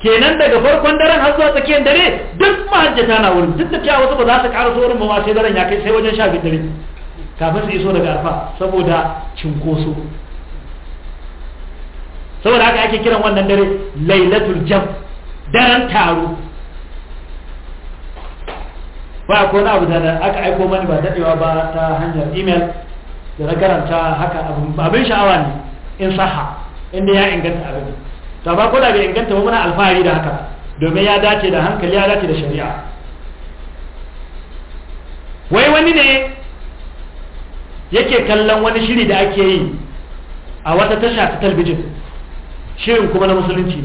kenan daga farkon daren har zuwa tsakiyar dare duk mahajjata na wurin duk da cewa wasu ba za su ƙara so wurin ba sai daren ya kai sai wajen sha biyu dare kafin su iso daga arfa saboda cinkoso saboda haka ake kiran wannan dare lailatul jam daren taro ba ko na abu da aka aiko mani ba dadewa ba ta hanyar email da na karanta haka abin sha'awa ne in saha inda ya inganta abin ta ba kula bai inganta ba muna alfahari da haka domin ya dace da hankali ya dace da shari'a wai wani ne yake kallon wani shiri da ake yi a wata tasha ta talbijin shirin kuma na musulunci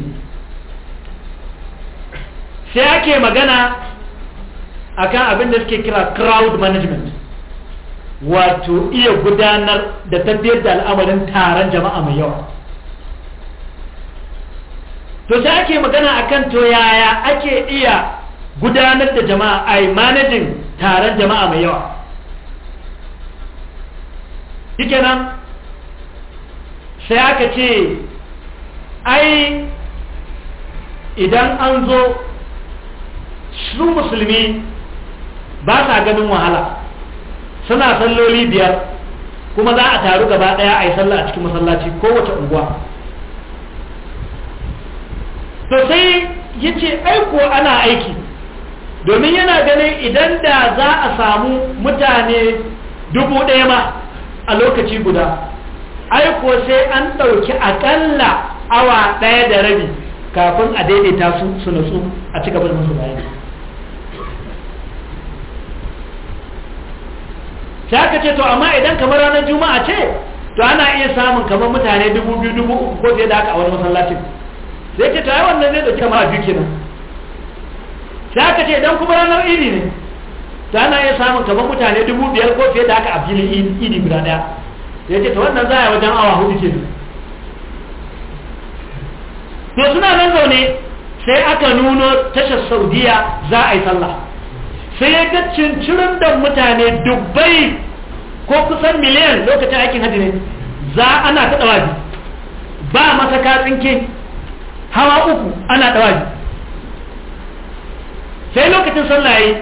sai ake magana akan abin da suke kira crowd management wato iya gudanar da tabbiyar da al'amarin taron jama'a mai yawa to sai ake magana akan to yaya ake iya gudanar da jama'a a manajin taron jama'a mai yawa shike nan sai aka ce ai idan an zo su musulmi ba sa ganin wahala suna salloli biyar kuma za a taru gaba daya a yi sallah a cikin masallaci kowace unguwa to sai ya ce aiko ana aiki domin yana ganin idan da za a samu mutane dubu ɗaya ma a lokaci guda aiko sai an ɗauki akalla awa ɗaya da rabi kafin a daidaita su su natsu a cigaba da musu bayani sai aka ce to amma idan kamar ranar juma'a ce to ana iya samun kamar mutane dubu biyu dubu uku ko fiye da haka a wani masallacin sai ce to ai wannan zai dauki kamar biyu kenan sai aka ce idan kuma ranar idi ne to ana iya samun kamar mutane dubu biyar ko fiye da haka a filin idi guda daya sai ce to wannan za a yi wajen awa hudu kenan to suna nan zaune sai aka nuno tashar saudiya za a yi sallah sai ya ga cincirin da mutane dubbai ko kusan miliyan lokacin aikin hajji ne za ana ta dawaji ba masaka tsinke hawa uku ana dawaji sai lokacin sallaye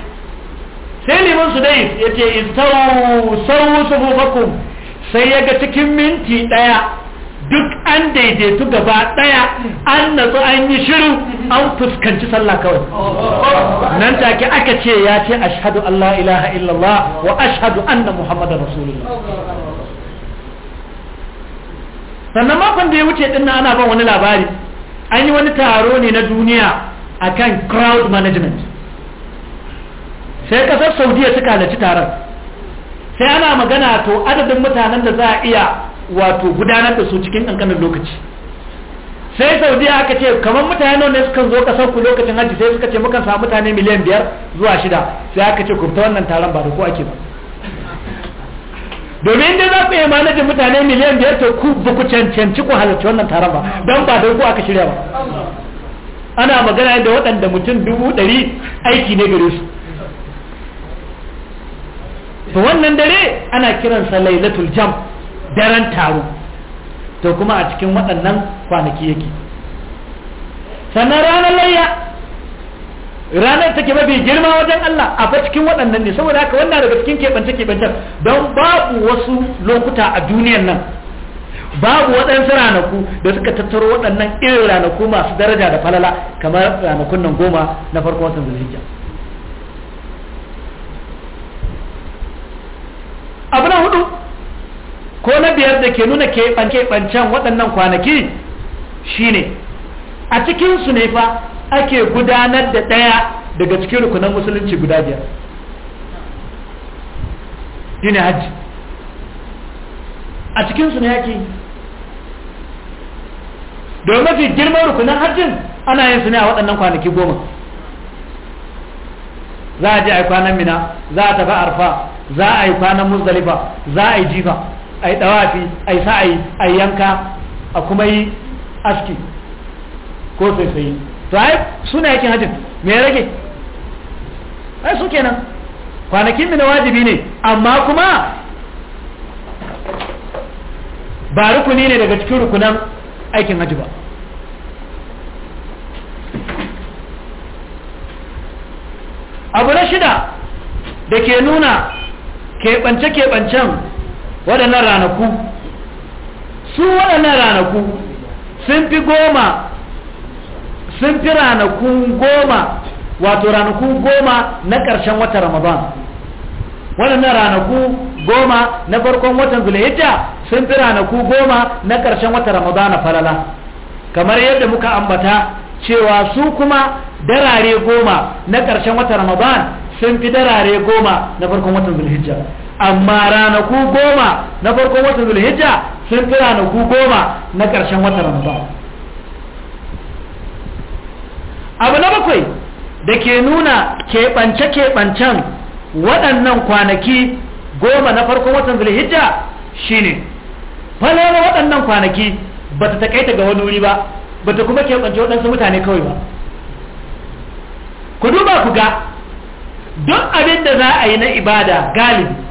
sai liman su dai ya ce istau sau sufufakum sai ya ga cikin minti daya duk an daidaitu gaba daya an natsu an yi shiru an fuskanci sallah kawai nan take aka ce ya ce ashhadu Allah ilaha illallah wa ashhadu anna muhammadar rasulullah sannan makon da ya wuce din ana ban wani labari an yi wani taro ne na duniya akan crowd management sai kasar saudiya suka halarci taron sai ana magana to adadin mutanen da za a iya wato gudanar da su cikin kankanin lokaci sai saudi aka ce kamar mutane ne suka zo kasar ku lokacin hajji sai suka ce mukan samu mutane miliyan biyar zuwa shida sai aka ce ku wannan taron ba da ku ake ba domin da za ku yi manaji mutane miliyan biyar ta ku ba ku cancanci ku halarci wannan taron ba don ba da ku aka shirya ba ana magana da waɗanda mutum dubu ɗari aiki ne gare su to wannan dare ana kiransa lailatul jam' daren taro to kuma a cikin waɗannan kwanaki yake sannan ranar layya ranar take mafi girma wajen Allah a fa cikin waɗannan ne saboda haka wannan daga cikin keɓance-keɓancen don babu wasu lokuta a duniyan nan babu waɗansu ranaku da suka tattaro waɗannan irin ranaku masu daraja da falala kamar ranakun nan goma na farko watan zulhijja abu na hudu ko na biyar da ke nuna keɓance-ɓancen waɗannan kwanaki shi ne, a cikinsu ne fa ake gudanar da ɗaya daga cikin rukunan musulunci guda biyar ne hajji a cikinsu ne yake domin mafi girman rukunan hajjin ana yin su ne a waɗannan kwanaki goma za a je a yi kwanan mina za a tafi arfa za a yi kwanan musdalifa za a yi jifa a yi ɗawafi a yi sa'ayi a yi yanka a kuma yi aski ko sai to ai suna yakin hajji me ya rage ai su kenan kwanakin da na wajibi ne amma kuma ba rukuni ne daga cikin rukunan aikin hajji ba abu na shida da ke nuna keɓance-keɓancen waɗannan ranaku su waɗannan ranaku sun fi goma sun fi ranakun goma wato ranaku goma na ƙarshen wata ramadan waɗannan ranaku goma na farkon watan zulhijja sun fi ranaku goma na ƙarshen wata ramadan na falala kamar yadda muka ambata cewa su kuma darare goma na ƙarshen wata ramadan sun fi darare goma na farkon watan zulhijja amma ranaku goma na farkon watan zulhijja sun fi ranaku goma na ƙarshen watan ramadan abu na bakwai da ke nuna keɓance-keɓancen waɗannan kwanaki goma na farkon watan zulhijja shine falala waɗannan kwanaki ba ta taƙaita ga wani wuri ba ba ta kuma keɓance waɗansu mutane kawai ba ku duba ku ga don abin da za a yi na ibada galibi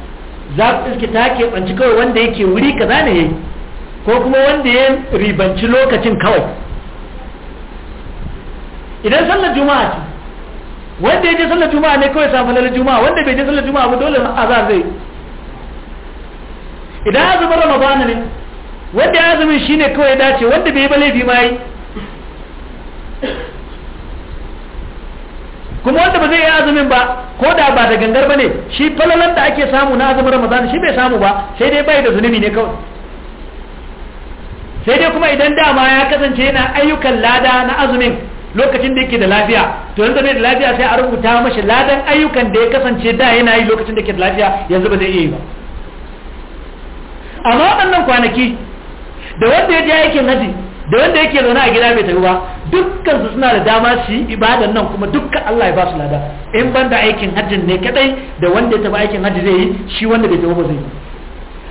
za ku iske ta keɓanci kawai wanda yake wuri kaza ne yayi ko kuma wanda ya ribanci lokacin kawai idan sallar juma'a ce wanda ya je sallar juma'a ne kawai samu lalar juma'a wanda bai je sallar juma'a ba dole azar zai idan azumin ramadana ne wanda ya azumin shine kawai dace wanda bai yi ba laifi ma yi kuma wanda ba zai yi azumin ba ko da ba da gangar ba ne shi falalan da ake samu na azumin ramadan shi bai samu ba sai dai bai da zunubi ne kawai sai dai kuma idan dama ya kasance yana ayyukan lada na azumin lokacin da yake da lafiya to yanzu bai da lafiya sai a rubuta mashi ladan ayyukan da ya kasance da yana yi lokacin da yake da lafiya yanzu ba zai iya yi ba amma waɗannan kwanaki da wanda ya je aikin haji da wanda yake zaune a gida bai tafi ba dukkan su suna da dama su yi ibadan nan kuma dukkan Allah ya ba su lada in ban da aikin hajjin ne kadai da wanda ya tafi aikin hajji zai yi shi wanda bai tafi ba zai yi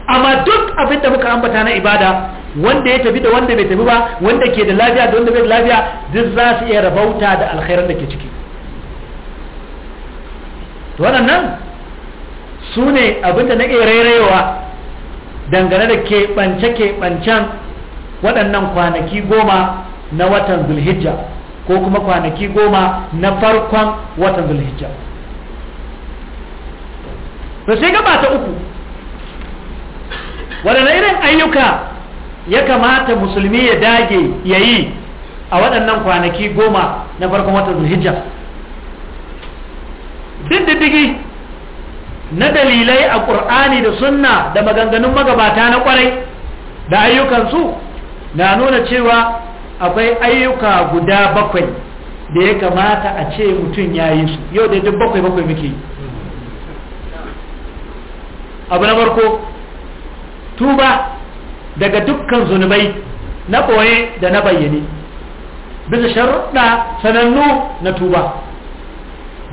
amma duk abin da muka ambata na ibada wanda ya tafi da wanda bai tafi ba wanda ke da lafiya da wanda bai da lafiya duk za su iya rabauta da alkhairan da ke ciki to waɗannan su ne abin da na rairayewa dangane da keɓance-keɓancen waɗannan kwanaki goma na watan zulhijja ko kuma kwanaki goma na farkon watan zulhijja to sai gaba ta uku waɗanne irin ayyuka ya kamata musulmi ya dage ya yi a waɗannan kwanaki goma na farkon watan zulhijja diddigi na dalilai a ƙur'ani da sunna da maganganun magabata na ƙwarai da ayyukansu na nuna cewa akwai ayyuka guda bakwai da ya kamata a ce mutum ya yi su yau da duk bakwai bakwai muke abu na barko, tuba daga dukkan zunubai na ɓoye da na bayyane bisa sharuɗa sanannu na tuba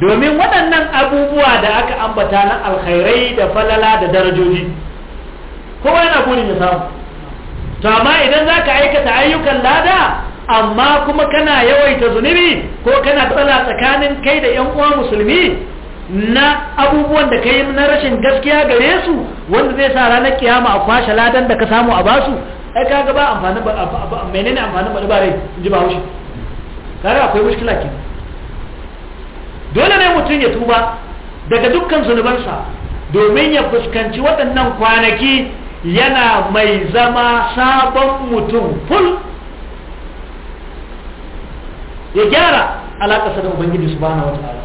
domin waɗannan abubuwa da aka ambata na alkhairai da falala da darajoji kowa yana burin ya samu to amma idan zaka aikata ayyukan lada amma kuma kana yawaita zunubi ko kana tsala tsakanin kai da yan uwa musulmi na abubuwan da ka yi na rashin gaskiya gare su wanda zai sa ranar kiyama a kwashe ladan da ka samu a basu ai ka ba amfanin ba menene amfanin ba bare in ji bahaushe kare akwai mushkila ke dole ne mutum ya tuba daga dukkan zunubansa domin ya fuskanci waɗannan kwanaki yana mai zama sabon mutum ful ya gyara alaƙasa da ubangiji bana wata ala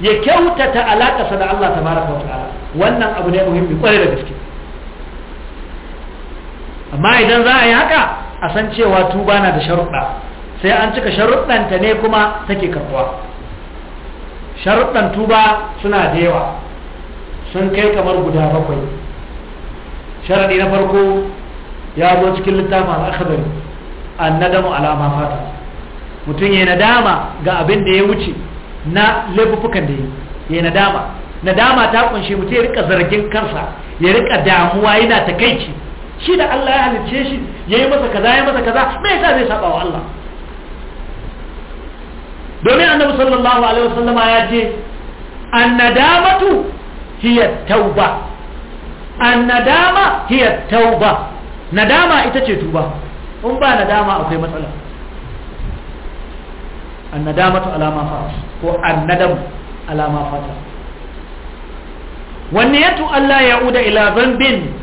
ya kyautata alaƙasa da Allah ta tabaraka wa ala wannan abu ne muhimmi kwarai da gaske amma idan za a yi haka a san cewa tuba na da sharuɗa sai an cika sharuɗanta ne kuma take karɓuwa sharuɗan tuba suna da yawa sun kai kamar guda bakwai Sharaɗi na farko ya zo cikin littafin al'akabari an nadamu alama fata mutum ya nadama ga abin da ya wuce na laifukan da ya nadama nadama ta kunshi mutum ya rika zargin kansa ya rika damuwa yana takaici shi da Allah ya halicce shi ya yi masa kaza ya masa kaza me yasa zai saba wa Allah domin annabi sallallahu alaihi wasallama ya ce annadamatu hiya tauba an nadama hiya tauba nadama ita ce tuba in ba nadama akwai matsala an nadamatu alama fata ko an nadamu alama fata wanne yatu Allah ya uda ila zambin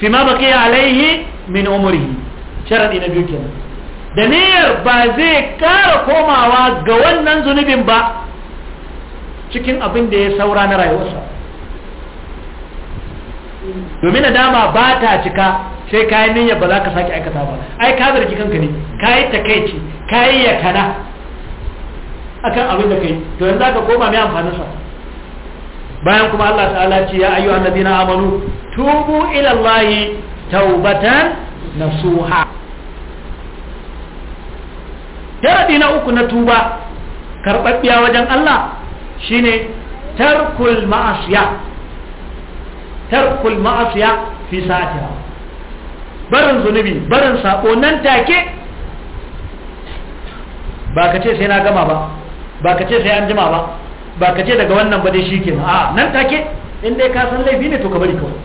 fi ma baki alaihi min umrihi sharadi na biyu kenan da niyyar ba zai kara komawa ga wannan zunubin ba cikin abin da ya saura na rayuwarsa domin nadama ba ta cika sai ka yi niyyar ba za ka sake aikata ba ai ka zargi kanka ne ka yi takaici ka yi yakana akan abin da kai to yanzu ka koma mai amfaninsa bayan kuma Allah ta'ala ce ya ayyuhan ladina amanu tubu ila Allah taubatan nasuha sharadi na uku na tuba karɓaɓɓiya wajen Allah shine tarkul ma'asiya tarkul ma'asiya fi sa'atiha barin zunubi barin sako nan take ba ka ce sai na gama ba ba ka ce sai an jima ba ba ka ce daga wannan ba dai shi kenan a nan take in dai ka san laifi ne to ka bari kawai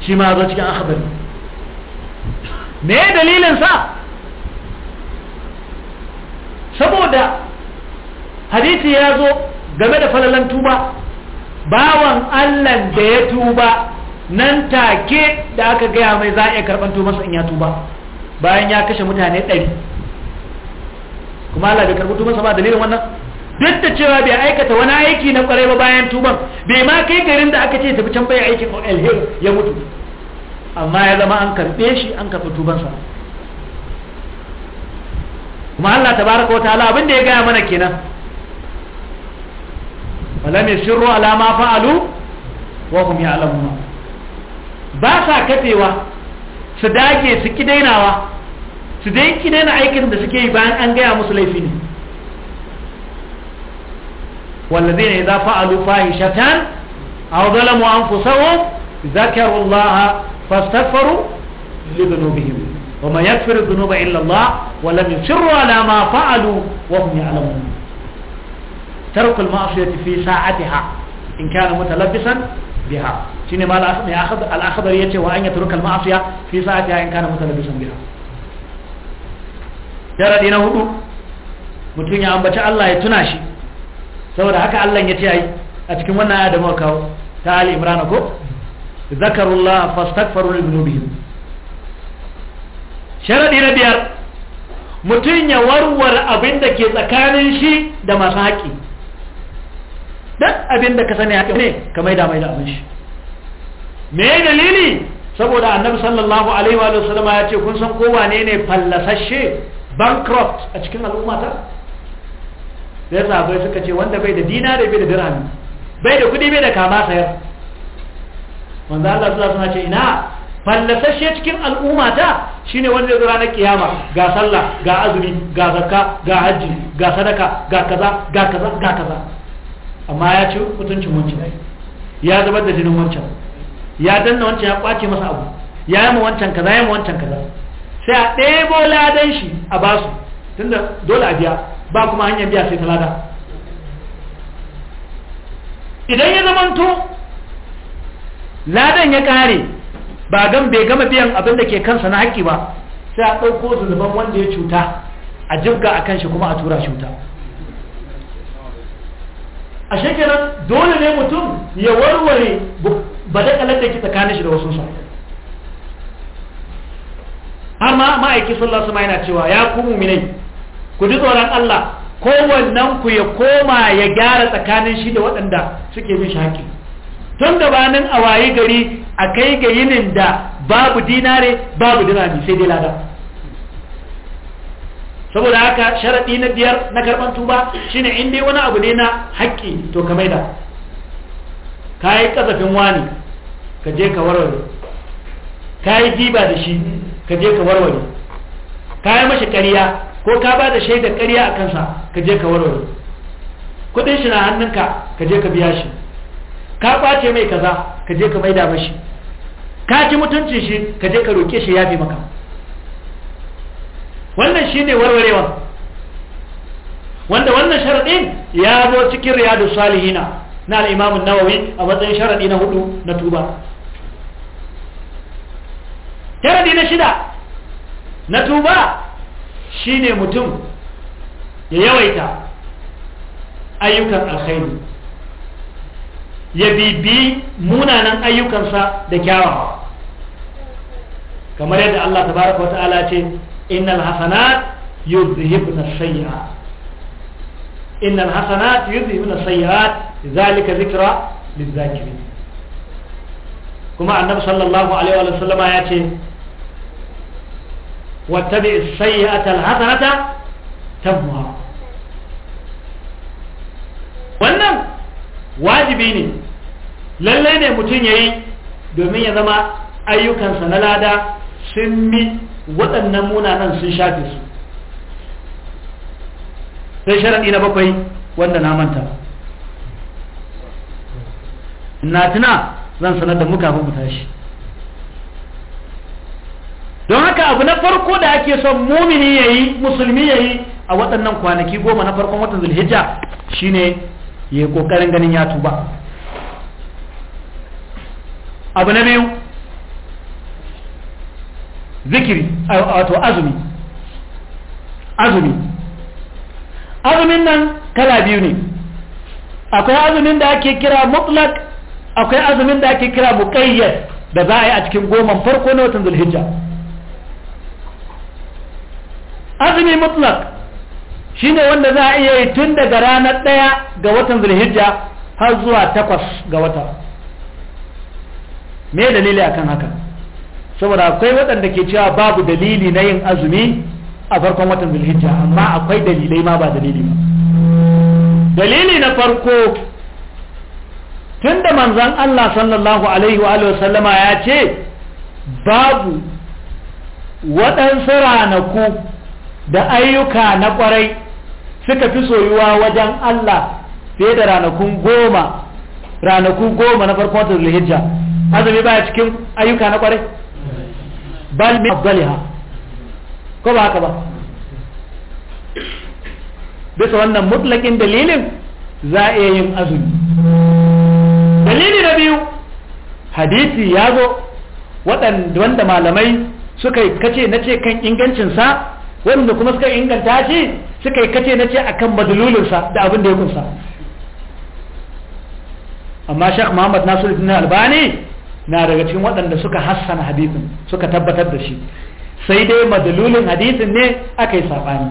shi ma zo cikin akhbari me dalilin sa saboda hadisi ya zo game da falalan tuba bawan Allah da ya tuba nan take da aka gaya mai za a iya karɓar tubansa in ya tuba bayan ya kashe mutane ɗari kuma Allah bai karɓi tubansa ba dalilin wannan duk da cewa bai aikata wani aiki na ƙwarai ba bayan tuban bai ma kai garin da aka ce tafi can bai aikin alheri ya mutu amma ya zama an karɓe shi an karɓi tubansa kuma Allah tabaraka wa ta'ala abin da ya gaya mana kenan falam yashru ala ma fa'alu wa hum ya'lamun ba sa kafewa su dage su kidainawa su dai kidaina aikin da suke yi bayan an gaya musu laifi ne والذين إذا فعلوا فاحشة أو ظلموا أنفسهم ذكروا الله فاستغفروا لذنوبهم وما يغفر الذنوب إلا الله ولم يصروا على ما فعلوا وهم يعلمون tarku al-ma'siyati fi sa'atiha in kana mutalabbisan biha shine ma al-akhbar yace wa an yatruka al-ma'siya fi sa'atiha in kana mutalabbisan biha yaradi na hudu mutum ya ambaci Allah ya tuna shi saboda haka Allah ya ce ai a cikin wannan aya da muka ta Ali Imran ko zakarullah na biyar mutum ya warware abin da ke tsakanin shi da masu duk abin da ka sani haƙi ne ka maida mai da shi me dalili saboda annabi sallallahu alaihi wa sallama ya ce kun san ko wane ne fallasashe bankrupt a cikin al'umma ta sai bai suka ce wanda bai da dinari bai da dirham bai da kudi bai da kama sayar wanda Allah sallallahu alaihi ce ina fallasashe cikin al'umma ta shine wanda zai ranar kiyama ga sallah ga azumi ga zakka ga hajji ga sadaka ga kaza ga kaza ga kaza amma ya ci mutuncin wancan ya zubar da jinin wancan ya danna wancan ya kwace masa abu ya yi ma wancan kaza ya ma wancan kaza sai a ɗebo ladan shi a basu tunda dole a biya ba kuma hanyar biya sai ta lada idan ya to ladan ya kare ba gan bai gama biyan abin da ke kansa na haƙƙi ba sai a ɗauko zunuban wanda ya cuta a jibga a kan shi kuma a tura cuta a shekenan dole ne mutum ya warware ba da ke tsakanin shi da wasu sa amma ma'aiki sallallahu alaihi wasallam yana cewa ya ku mu'minai ku ji tsoron Allah wannan ku ya koma ya gyara tsakanin shi da waɗanda suke bin shi haƙƙi tun da banin a wayi gari a kai ga yinin da babu dinare babu dinami sai dai lada saboda haka sharadi na biyar na karban tuba shine in dai wani abu ne na haƙƙi to ka maida ka yi kasafin wani ka je ka warware ka yi giba da shi ka je ka warware ka yi mashi ƙarya ko ka ba da shaidar ƙarya a kansa ka je ka warware kudin shi na hannunka ka je ka biya shi ka ɓace mai kaza ka je ka maida mashi ka ci mutuncin shi ka je ka roke shi fi maka wannan ne warwarewa wanda wannan sharaɗin ya zo cikin riyadu salihina na al-imam nawawi a matsayin sharaɗi na hudu na tuba sharadi na shida na tuba shine mutum ya yawaita ayyukan alkhairi ya bibi munanan ayyukansa da kyawawa kamar yadda Allah tabaraka wata'ala ce innal hasanat yuzhibna sayyi'at innal hasanat yuzhibna sayyi'at zalika zikra lizakirin kuma annabi sallallahu alaihi wa sallama ya ce wattabi as-sayyi'ata wannan wajibi ne lallai ne mutum yayi domin ya zama ayyukansa na lada sun mi waɗannan munanan sun shafe su sai sharaɗi na bakwai wanda na manta na tuna zan sanar da muka mu tashi don haka abu na farko da ake son mumini ya yi musulmi ya yi a waɗannan kwanaki goma na farkon watan zulhijja shine ya yi ƙoƙarin ganin ya tuba abu na biyu zikiri wato azumi azumi azumin nan kala biyu ne akwai azumin da ake kira mutlak akwai azumin da ake kira muqayyad da za a yi a cikin goman farko na watan zulhijja azumi mutlak shine wanda za a iya yi tun daga ranar ɗaya ga watan zulhijja har zuwa takwas ga wata me dalili akan haka saboda akwai waɗanda ke cewa babu dalili na yin azumi a farkon watan zulhijja amma akwai dalilai ma ba dalili ba dalili na farko tunda da manzan Allah sallallahu alaihi wa sallama ya ce babu waɗansu ranaku da ayyuka na ƙwarai suka fi soyuwa wajen Allah fiye da ranakun goma ranaku goma na farkon watan zulhijja azumi baya cikin ayyuka na ƙwarai bal min afdaliha ko ba haka ba bisa wannan mutlakin dalilin za a iya yin azumi dalili na biyu hadisi ya zo wanda malamai suka yi kace na ce kan ingancinsa wanda kuma suka inganta shi suka yi kace na ce akan kan da abin da ya kunsa amma shek muhammad nasiru albani na daga cikin waɗanda suka hassana hadisin suka tabbatar da shi sai dai madalulin hadisin ne aka yi saɓani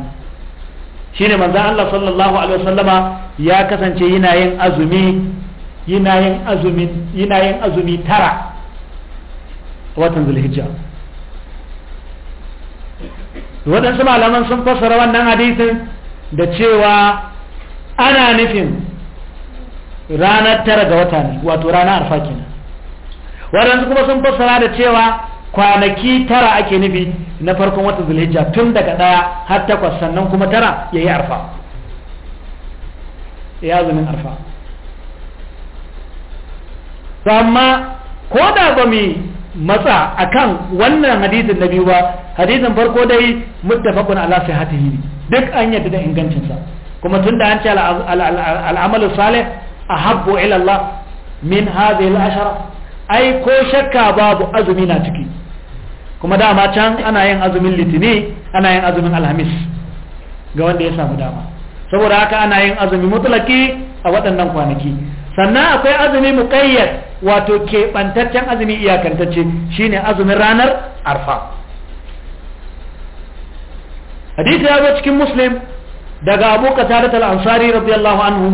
shi ne manzan Allah sallallahu alaihi wasallama ya kasance yana yin azumi yana yin azumi yana yin azumi tara watan zulhijja waɗansu malaman sun fassara wannan hadisin da cewa ana nufin ranar tara ga wata ne wato ranar arfa kenan waɗansu kuma sun fassara da cewa kwanaki tara ake nufi na farkon watan zulhijja tun daga ɗaya har takwas sannan kuma tara ya yi arfa ya azumin arfa to amma ko da ba mu matsa akan wannan hadisin na biyu ba hadisin farko dai muttafaqun ala sihhatihi duk an yadda da ingancinsa kuma tunda an ce al'amalu salih ahabbu habbo Allah min hadhihi al-ashara ai ko shakka babu azumi na ciki kuma dama can ana yin azumin litini ana yin azumin alhamis ga wanda ya samu dama saboda haka ana yin azumi mutlaki a waɗannan kwanaki sannan akwai azumi muƙayyar wato keɓantaccen azumi iyakantacce shine azumin ranar arfa hadisi ya zo cikin muslim daga abu qatadat al-ansari radiyallahu anhu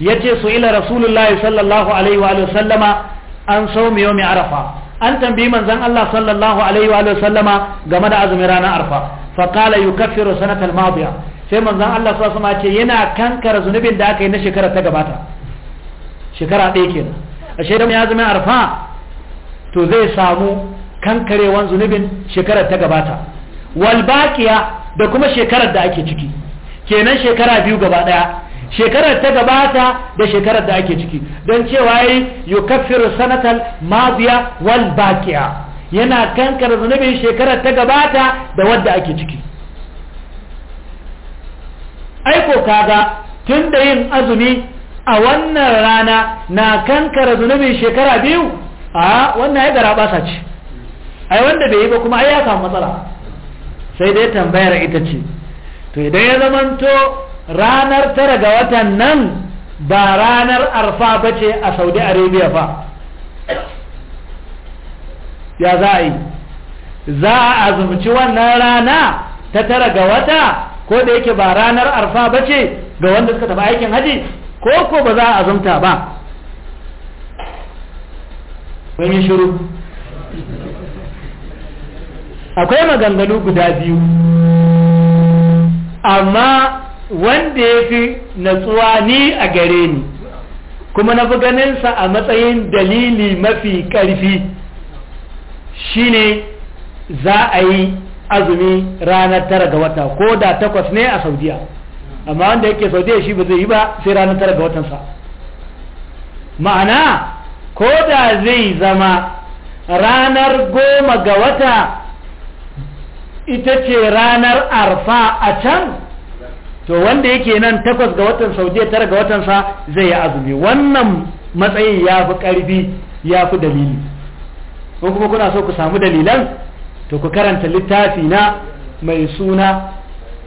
ce su ila rasulullahi sallallahu alaihi wa sallama an sau mai yau arafa an tambayi manzan Allah sallallahu alaihi wa sallama game da azumin ranar arfa faƙala yi kafiru sanatar mabiya sai manzan Allah su sama ce yana kankar zunubin da aka yi na shekara ta gabata shekara ɗaya kenan a shaidan ya azumin arfa to zai samu kankarewan zunubin shekarar ta gabata walbaƙiya da kuma shekarar da ake ciki kenan shekara biyu gaba ɗaya shekarar ta gabata da shekarar da ake ciki don cewa yi yukaffiru sanatal mabiya wal bakiya yana kankar zunubin shekarar ta gabata da wadda ake ciki aiko kaga tun da yin azumi a wannan rana na kankara zunubin shekara biyu a wannan ya gara basa ce ai wanda bai yi ba kuma ai ya samu matsala sai dai tambayar ita ce to idan ya zamanto ranar tara ga watan nan ba ranar arfa ba ce a saudi arabia ba ya za a yi za a azumci wannan rana ta tara ga wata ko da yake ba ranar arfa ba ce ga wanda suka tafi aikin haji ko ko ba za a azumta ba wani shiru akwai maganganu guda biyu amma wanda ya fi natsuwa ni a gare ni kuma na fi ganinsa a matsayin dalili mafi ƙarfi shine za a yi azumi ranar tara ga wata ko da takwas ne a saudiya amma wanda yake saudiya shi ba zai yi ba sai ranar tara ga watansa ma'ana ko da zai zama ranar goma ga wata ita ce ranar arfa a can to wanda yake nan takwas ga watan saudiya tara ga watan sa zai yi azumi wannan matsayin ya fi ƙarfi ya fi dalili ko kuma kuna so ku samu dalilan to ku karanta littafi na mai suna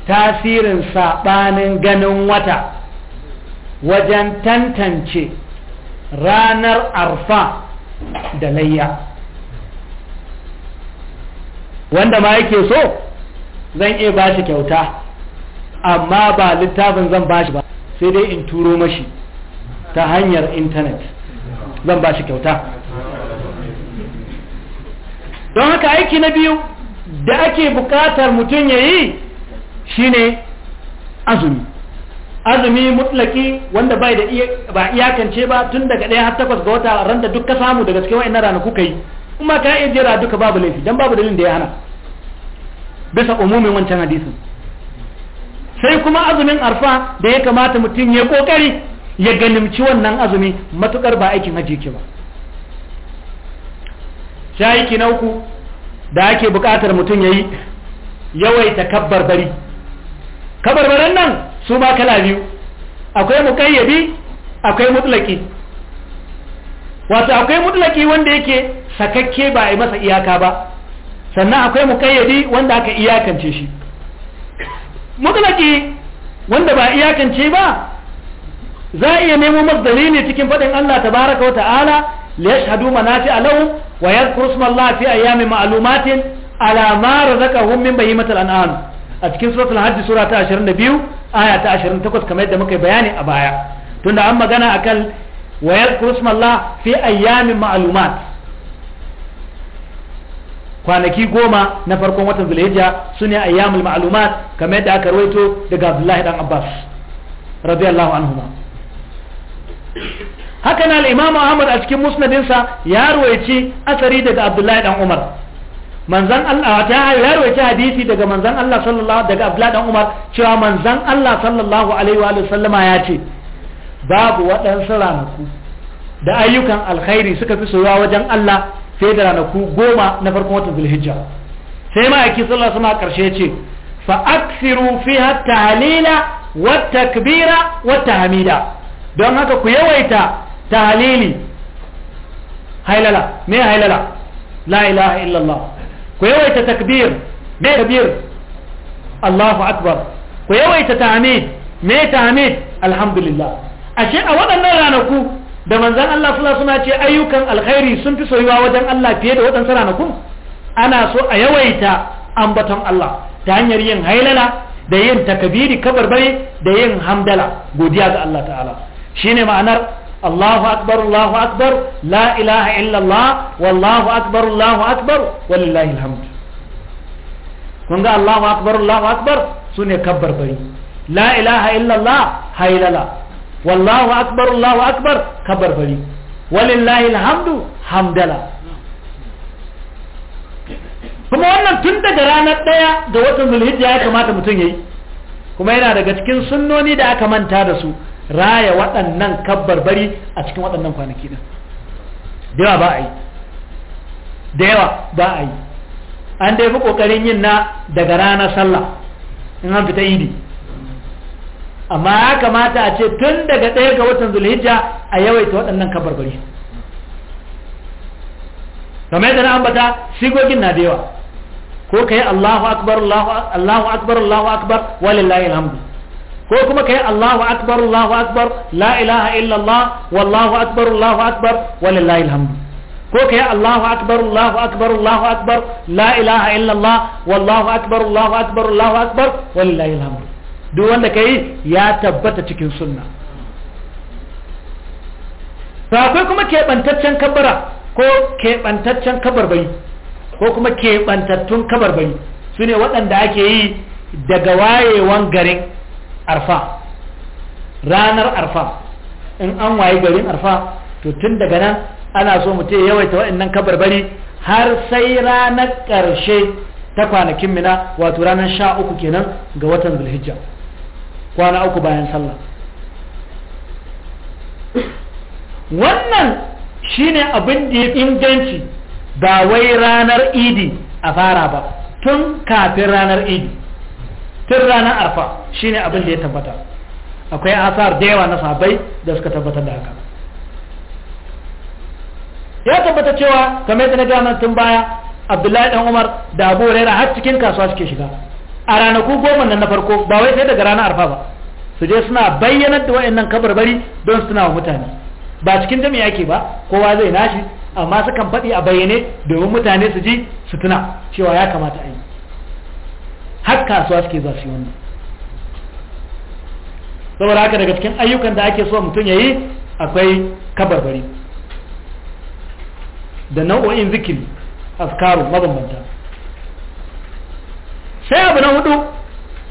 tasirin saɓanin ganin wata wajen tantance ranar arfa da layya wanda ma yake so zan iya bashi kyauta amma ba littafin zan bashi ba sai dai in turo mashi ta hanyar intanet zan bashi kyauta don haka aiki na biyu da ake bukatar mutum ya yi shine azumi azumi mutlaki wanda bai da ba iyakance ba tun daga ɗaya har takwas ga wata ran da duk ka samu daga cikin rana kuka yi kuma ka iya jera duka babu laifi don babu dalilin da ya hana bisa umumin wancan hadisin sai kuma azumin arfa da ya kamata mutum ya kokari ya ganimci wannan azumi matukar ba aikin haji ke ba shayiki na uku da ake bukatar mutum ya yi yawaita kabbarbari kabarbaran nan su ma kala biyu akwai mukayyabi akwai mutlaki wato akwai mutlaki wanda yake sakakke ba a yi masa iyaka ba sannan akwai mukayyabi wanda aka iyakance shi mutlaki wanda ba iyakance ba za a iya nemo masdari ne cikin faɗin Allah tabaraka wata'ala li yashhadu manafi'a lahum wa yadhkuru isma Allah fi ayyamin ma'lumatin ala ma razaqahum min bahimatil an'am a cikin suratul hajj sura ta 22 aya ta 28 kamar yadda muka yi bayani a baya tunda an magana akan wa yadhkuru isma Allah fi ayyamin ma'lumat kwanaki goma na farkon watan zulhijja su ne ayyamul ma'lumat kamar yadda aka rawaito daga abdullahi dan abbas radiyallahu anhuma haka na al-imamu ahmad a cikin musnadinsa ya rawaici asari daga abdullahi dan umar manzan Allah ta ya rawaici hadisi daga manzan Allah sallallahu daga abdullahi dan umar cewa manzan Allah sallallahu alaihi wa sallama ya ce babu waɗansu ranaku da ayyukan alkhairi suka fi soyuwa wajen Allah sai da ranaku goma na farkon watan zulhijja sai ma aiki sallah suna karshe ce fa aksiru fi hatta halila wa takbira wa tahmida don haka ku yawaita ta tahlili hailala me hailala la ilaha illallah ku yawaita takbir me takbir Allahu akbar ku yawaita ta tahmid me hamid. alhamdulillah ashe a waɗannan ranaku da manzan Allah suna suna ce ayyukan alkhairi sun fi soyuwa wajen Allah fiye da waɗansu ranakun ana so a yawaita ambaton Allah ta hanyar yin hailala da yin takabiri kabarbari da yin hamdala godiya ga Allah ta'ala shine ma'anar Allahu akbar Allahu akbar la ilaha illallah wallahu akbar Allahu akbar walillahi alhamd kun ga Allahu akbar Allahu akbar sune kabarbari la ilaha illallah hailala wallahu akbar wallahu akbar kabarbari walillahi alhamdu hamdala kuma wannan tun daga ranar ɗaya da watan zulhijja ya kamata mutum yayi kuma yana daga cikin sunnoni da aka manta da su raya waɗannan bari a cikin waɗannan kwanaki din da yawa ba a yi da yawa ba a yi an dai fi ƙoƙarin yin na daga ranar sallah in an fita idi amma ya kamata a ce tun daga ɗaya ga watan zulhijja a yawaita waɗannan kabarbari kamar yadda na ambata sigogin na da yawa ko ka yi allahu akbar allahu akbar allahu akbar walillahi alhamdu ko kuma ka yi allahu akbar allahu akbar la ilaha illallah wallahu akbar allahu akbar walillahi alhamdu ko ka yi allahu akbar allahu akbar allahu akbar la ilaha illallah wallahu akbar allahu akbar allahu akbar walillahi alhamdu duk wanda ka ya tabbata cikin sunna ba akwai kuma keɓantaccen kabara ko keɓantaccen kabarbayi ko kuma keɓantattun kabarbari su ne waɗanda ake yi daga wayewan garin arfa ranar arfa in an waye garin arfa to tun daga nan ana so mutum ya yawaita waɗannan kabarbari har sai ranar ƙarshe ta kwanakin mina wato ranar sha uku kenan ga watan zulhijja kwana uku bayan sallah wannan shine abin da ya inganci ba wai ranar idi a fara ba tun kafin ranar idi tun ranar arfa shine abin da ya tabbata akwai asar da yawa na sabai da suka tabbatar da haka ya tabbata cewa kamar yadda na gama tun baya abdullahi dan umar da abu raira har cikin kasuwa suke shiga a ranaku goma nan na farko ba wai sai daga ranar arfa ba su je suna bayyanar da waɗannan kabarbari don su tunawa mutane ba cikin jami'a ke ba kowa zai nashi amma sukan faɗi a bayyane domin mutane su ji su tuna cewa ya kamata a yi har kasuwa suke za su yi wannan saboda haka daga cikin ayyukan da ake so mutum ya yi akwai kabarbari da nau'o'in zikiri askaru mabambanta sai abu na hudu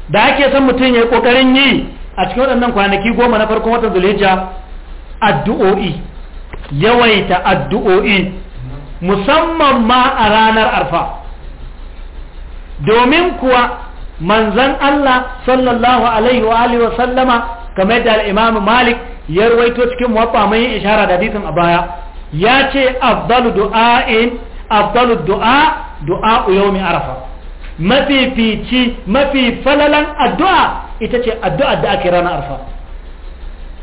da ake son mutum ya yi kokarin yi a cikin waɗannan kwanaki goma na farkon watan zulhijja addu'o'i yawaita addu'o'i musamman ma a ranar arfa domin kuwa manzan Allah sallallahu alaihi wa alihi wa sallama kamar da al Malik ya ruwaito cikin muwaffa mai ishara da hadisin a baya ya ce afdalu du'a'in afdalu du'a du'a yawmi arafa mafifici mafi falalan addu'a ita ce addu'ar da ake rana arfa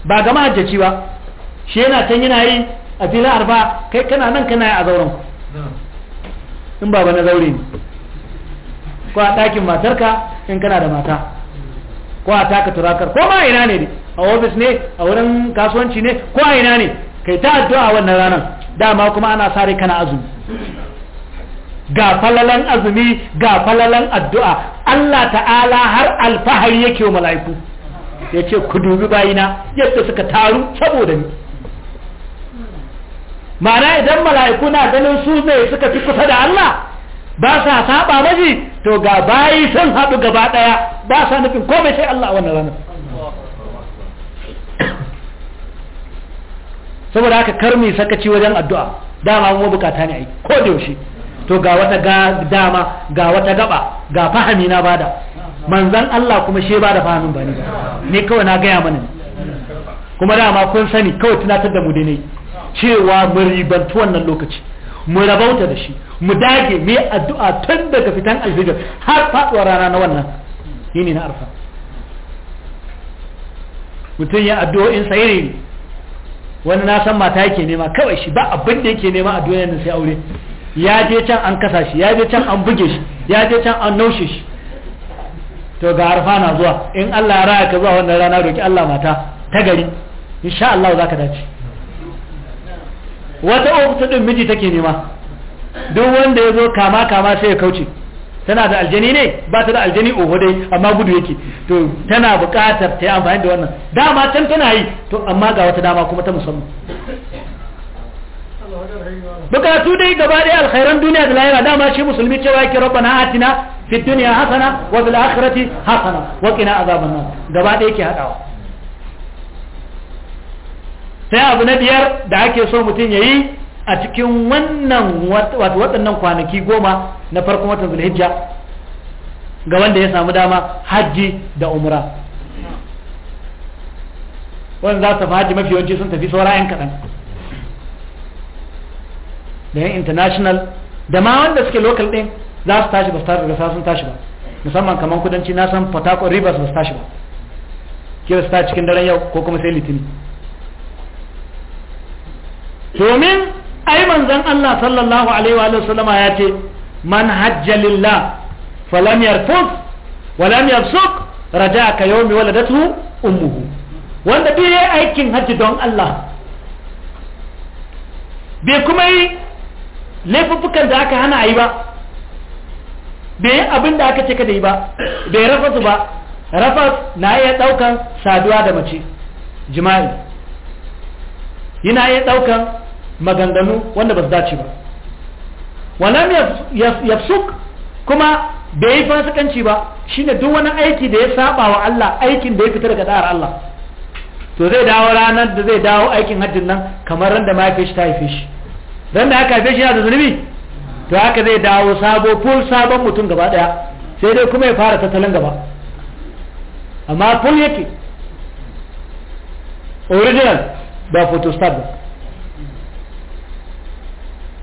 ba ga ma'ajjaci ba shi yana can yana yi a filin arfa kai kana nan kana yi a zauren in ba ba na zaure ne ko a ɗakin matarka in kana da mata ko a taka turakar ko ma ina ne a ofis ne a wurin kasuwanci ne ko a ina ne kai ta addu'a wannan ranar dama kuma ana sare kana azumi ga falalan azumi ga falalan addu'a Allah ta'ala har alfahari yake wa mala'iku ya ce ku dubi bayina yadda suka taru saboda ni ma'ana idan mala'iku na ganin su ne suka fi kusa da Allah ba sa saba maji to ga bayi sun haɗu gaba ɗaya ba sa nufin komai sai Allah a wannan ranar saboda haka karmi sakaci wajen addu'a dama mu bukata ne a ko da yaushe to ga wata dama ga wata gaba ga fahami na bada manzan Allah kuma shi bada fahamin bani ba ne kawai na gaya mana kuma dama kun sani kawai tunatar da mu dai ne cewa mu ribantu wannan lokaci mu rabauta da shi mu dage mu yi addu'a tun daga fitan alfijir har faduwar rana na wannan yini na arfa mutum ya addu'o'in sa wani na san mata yake nema kawai shi ba abin da yake nema a duniyar sai aure ya je can an kasa shi ya je can an buge shi ya je can an naushe shi to ga arfa zuwa in Allah ya raya ka zuwa wannan rana roki Allah mata ta gari insha Allah za ka dace wata uku din miji take nema duk wanda ya zo kama kama sai ya kauce tana da aljani ne ba ta da aljani oho dai amma gudu yake to tana buƙatar ta yi amfani da wannan dama can tana yi to amma ga wata dama kuma ta musamman bukatu dai gaba ɗaya alkhairan duniya da lahira dama shi musulmi cewa yake rabbana atina fid dunya hasana wa fil akhirati hasana wa qina azaban gaba ɗaya yake hadawa sai abu na biyar da ake so mutum yayi a cikin wannan wato waɗannan kwanaki goma na farkon watan zulhijja ga wanda ya samu dama hajji da umra wanda za su tafi hajji mafi sun tafi saura yan kaɗan da yan international da ma wanda suke local din za su tashi ba su tashi sun tashi ba musamman kamar kudanci na san port rivers ba su tashi ba kira su tashi cikin daren yau ko kuma sai litinin domin ai manzon Allah sallallahu alaihi wa sallama ya ce man hajja lillah falam yarfus walam yafsuk ka yawmi waladatu ummuhu wanda bai aikin hajji don Allah bai kuma yi laifuffukan da aka hana a yi ba bai yi abin da aka ce kada yi ba bai rafa su ba rafa na iya daukan saduwa da mace jima'i yana iya daukan maganganu wanda ba su dace ba wannan yafsuk kuma bai yi fasikanci ba shine duk wani aiki da ya saba wa Allah aikin da ya fita ga da'ar Allah to zai dawo ranar da zai dawo aikin hajjin nan kamar ran da mahaifin shi ta haife shi danda da aka haife shi yana da zunubi to haka zai dawo sabo full sabon mutum gaba daya sai dai kuma ya fara tattalin gaba amma full yake original ba photostat ba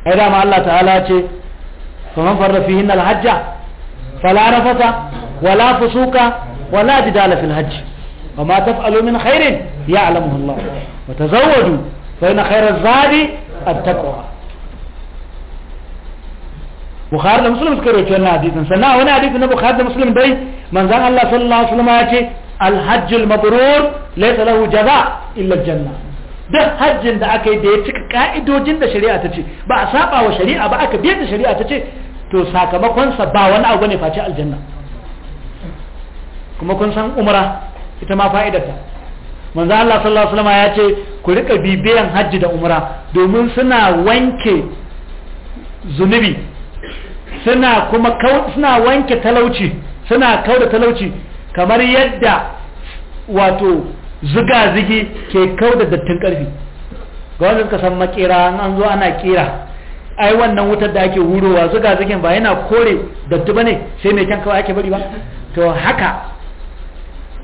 ai dama Allah ta'ala ce faman farra fi hinnal hajja fala rafata wala fusuka wala jidala fil hajj وما تفعلوا من خير يعلمه الله وتزودوا فإن خير الزاد التقوى بخار ده مسلم ذكر وجه الحديث سنا وانا حديث ابن بخار ده مسلم ده من زان الله صلى الله عليه وسلم اجي الحج المبرور ليس له جزاء الا الجنه ده حج ده اكي ده يتك قائدوجين ده شريعه تجي با سابا وشريعه با اكي بيت شريعه تجي تو ساكمكون سبا وانا ابو ني فاتي الجنه kuma kun san umara ita ma fa'idarta manzo Allah sallallahu alaihi wasallam ya ce ku rika bibiyan hajji da umara domin suna wanke zunubi suna kuma suna wanke talauci suna kauda talauci kamar yadda wato zugazigi zigi ke kauda dattin karfi ga wanda suka san makera an zo ana kera ai wannan wutar da ake wurowa zuga zigin ba yana kore datti ba ne sai mai kyan kawai ake bari ba to haka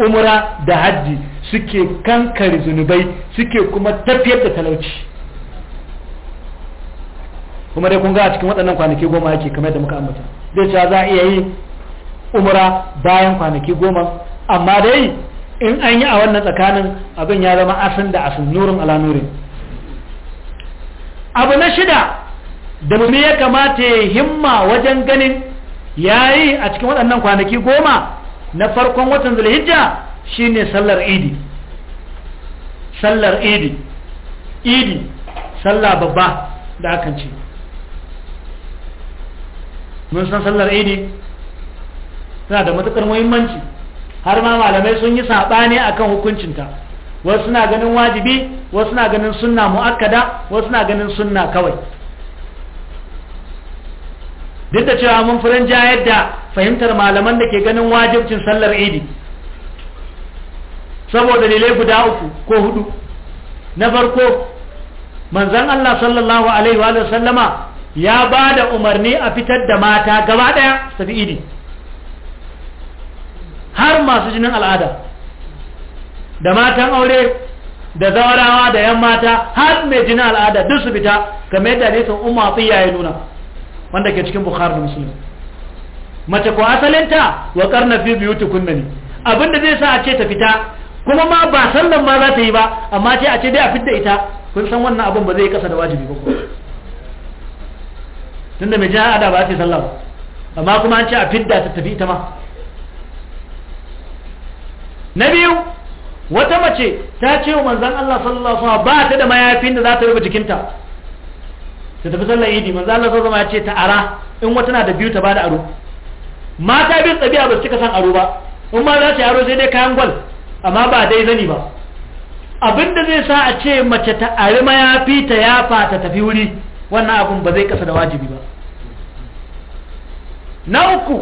umra da hajji suke kankare zunubai suke kuma tafiyar da talauci kuma dai kun ga a cikin waɗannan kwanaki goma yake kamar da muka ambata zai cewa za a iya yi umra bayan kwanaki goma amma dai in an yi a wannan tsakanin abin ya zama asin da asin nurin ala nurin abu na shida da mu ya kamata ya himma wajen ganin ya yi a cikin waɗannan kwanaki goma na farkon watan zulhijja shine sallar idi sallar idi idi sallah babba da akan ce mun san sallar idi tana da matukar muhimmanci har ma malamai sun yi saɓani akan hukuncinta wasu na ganin wajibi wasu na ganin sunna mu'akkada wasu na ganin sunna kawai duk da cewa mun furin jayar da fahimtar malaman da ke ganin wajibcin sallar idi saboda dalilai guda uku ko hudu na farko manzan Allah sallallahu alaihi wa sallama ya ba da umarni a fitar da mata gaba ɗaya su idi har masu jinin al'ada da matan aure da zaurawa da yan mata har mai jinin al'ada duk su fita game da hadisin umma tsiya nuna wanda ke cikin bukhari muslim mace ko asalinta wa karna fi biyu tukunna ne abinda zai sa a ce ta fita kuma ma ba sallan ma za ta yi ba amma ce a ce dai a fidda ita kun san wannan abin ba zai kasa da wajibi ba tunda mai jihar ada ba ta sallah ba amma kuma an ce a fidda ta tafi ita ma na biyu wata mace ta ce wa manzan Allah sallallahu alaihi ba ta da mayafin da za ta rufe jikinta ta tafi sallar idi manzan Allah sallallahu alaihi ya ce ta ara in wata na da biyu ta bada aro mata biyu tsabiya ba su cika san aro ba in ma za su yi aro sai dai kayan gwal amma ba dai zani ba abinda zai sa a ce mace ta ari mayafi ta yafa ta tafi wuri wannan abun ba zai kasa da wajibi ba na uku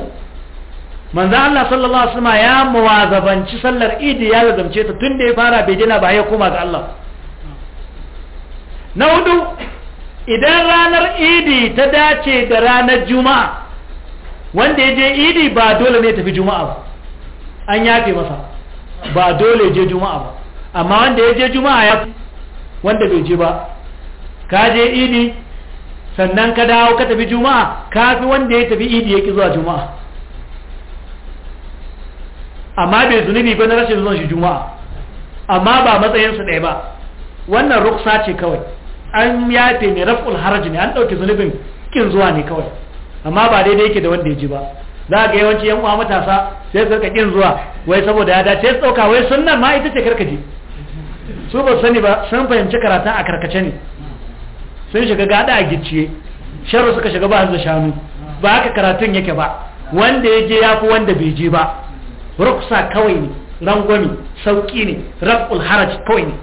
manzo Allah sallallahu alaihi wasallam ya muwazabanci sallar idi ya lazamce ta tunda ya fara bai dina ba ya koma ga Allah na hudu idan ranar idi ta dace da ranar juma'a wanda ya je idi ba dole ne tafi juma'a ba an yafe masa ba dole je juma'a ba amma wanda ya je juma'a ya wanda bai je ba ka je idi sannan ka dawo ka tafi juma'a ka fi wanda ya tafi idi ya ƙi zuwa juma'a amma bai zunubi ba na rashin zuwan shi juma'a amma ba matsayinsu ɗaya ba wannan ruksa ce kawai an yafe mai raf'ul haraji ne an ɗauki zunubin kin zuwa ne kawai amma ba daidai yake da wanda ya ji ba za ga yawanci yan uwa matasa sai su kin zuwa wai saboda ya dace su wai sunnan ma ita ce karkaje su ba sani ba sun fahimci karatun a karkace ne sun shiga gada a gicciye sharu suka shiga ba da shanu ba haka karatun yake ba wanda ya je ya fi wanda bai je ba ruksa kawai ne rangwami sauki ne raf'ul haraj kawai ne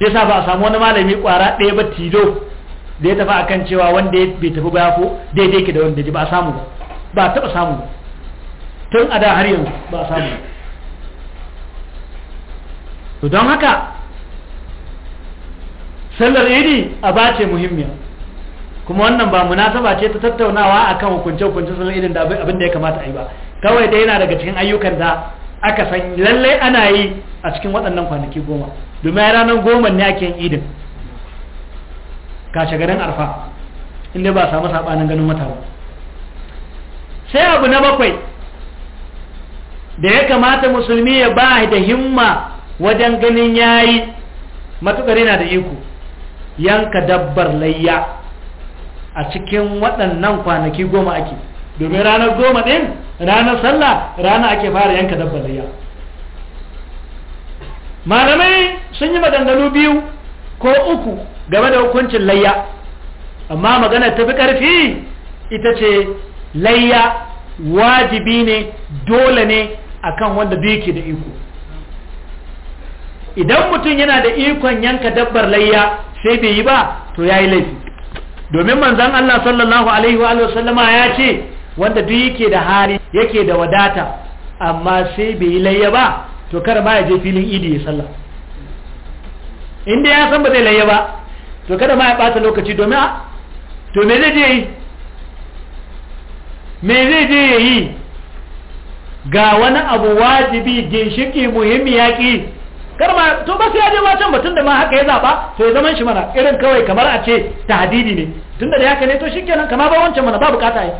Ya sa ba a samu wani malami kwara ɗaya ba tido da ya tafi a kan cewa wanda bai tafi ba ya fi daidai ke da wanda ji ba a samu ba a taɓa samu tun a da har yanzu ba a samu to don haka sallar idi a bace muhimmiya kuma wannan ba munasaba ce ta tattaunawa akan hukunce-hukunce sallar idin da abin da ya kamata a yi ba kawai dai yana daga cikin ayyukan da aka san lallai ana yi a cikin waɗannan kwanaki goma domin ya ranar goma ne ake yin idin kashe garin arfa inda ba samu saɓanin ganin wata ba sai abu na bakwai da ya kamata musulmi ya ba da himma wajen ganin yayi matukar yana da iko yanka dabbar layya a cikin waɗannan kwanaki goma ake domin ranar goma ɗin ranar sallah rana ake fara yanka dabbar layya malamai sun yi maganganu biyu ko uku game da hukuncin layya amma magana tafi ƙarfi ita ce layya wajibi ne dole ne akan wanda duki da iko idan mutum yana da ikon yanka dabbar layya sai bai yi ba to ya yi laifi domin manzan Allah sallallahu alaihi wa sallama ya ce wanda duk yake da hari yake da wadata amma sai bai yi layya ba to kar ma ya je filin idi ya sallah inda ya san ba zai layya ba to kada ma ya bata lokaci domin to me zai je yi me zai je ya yi ga wani abu wajibi ginshiki muhimmi yaƙi kar ma to ba sai ya je ma can da ma haka ya zaba to ya zaman shi mana irin kawai kamar a ce tahdidi ne tunda da haka ne to shikenan kama ba wancan mana ba bukata ai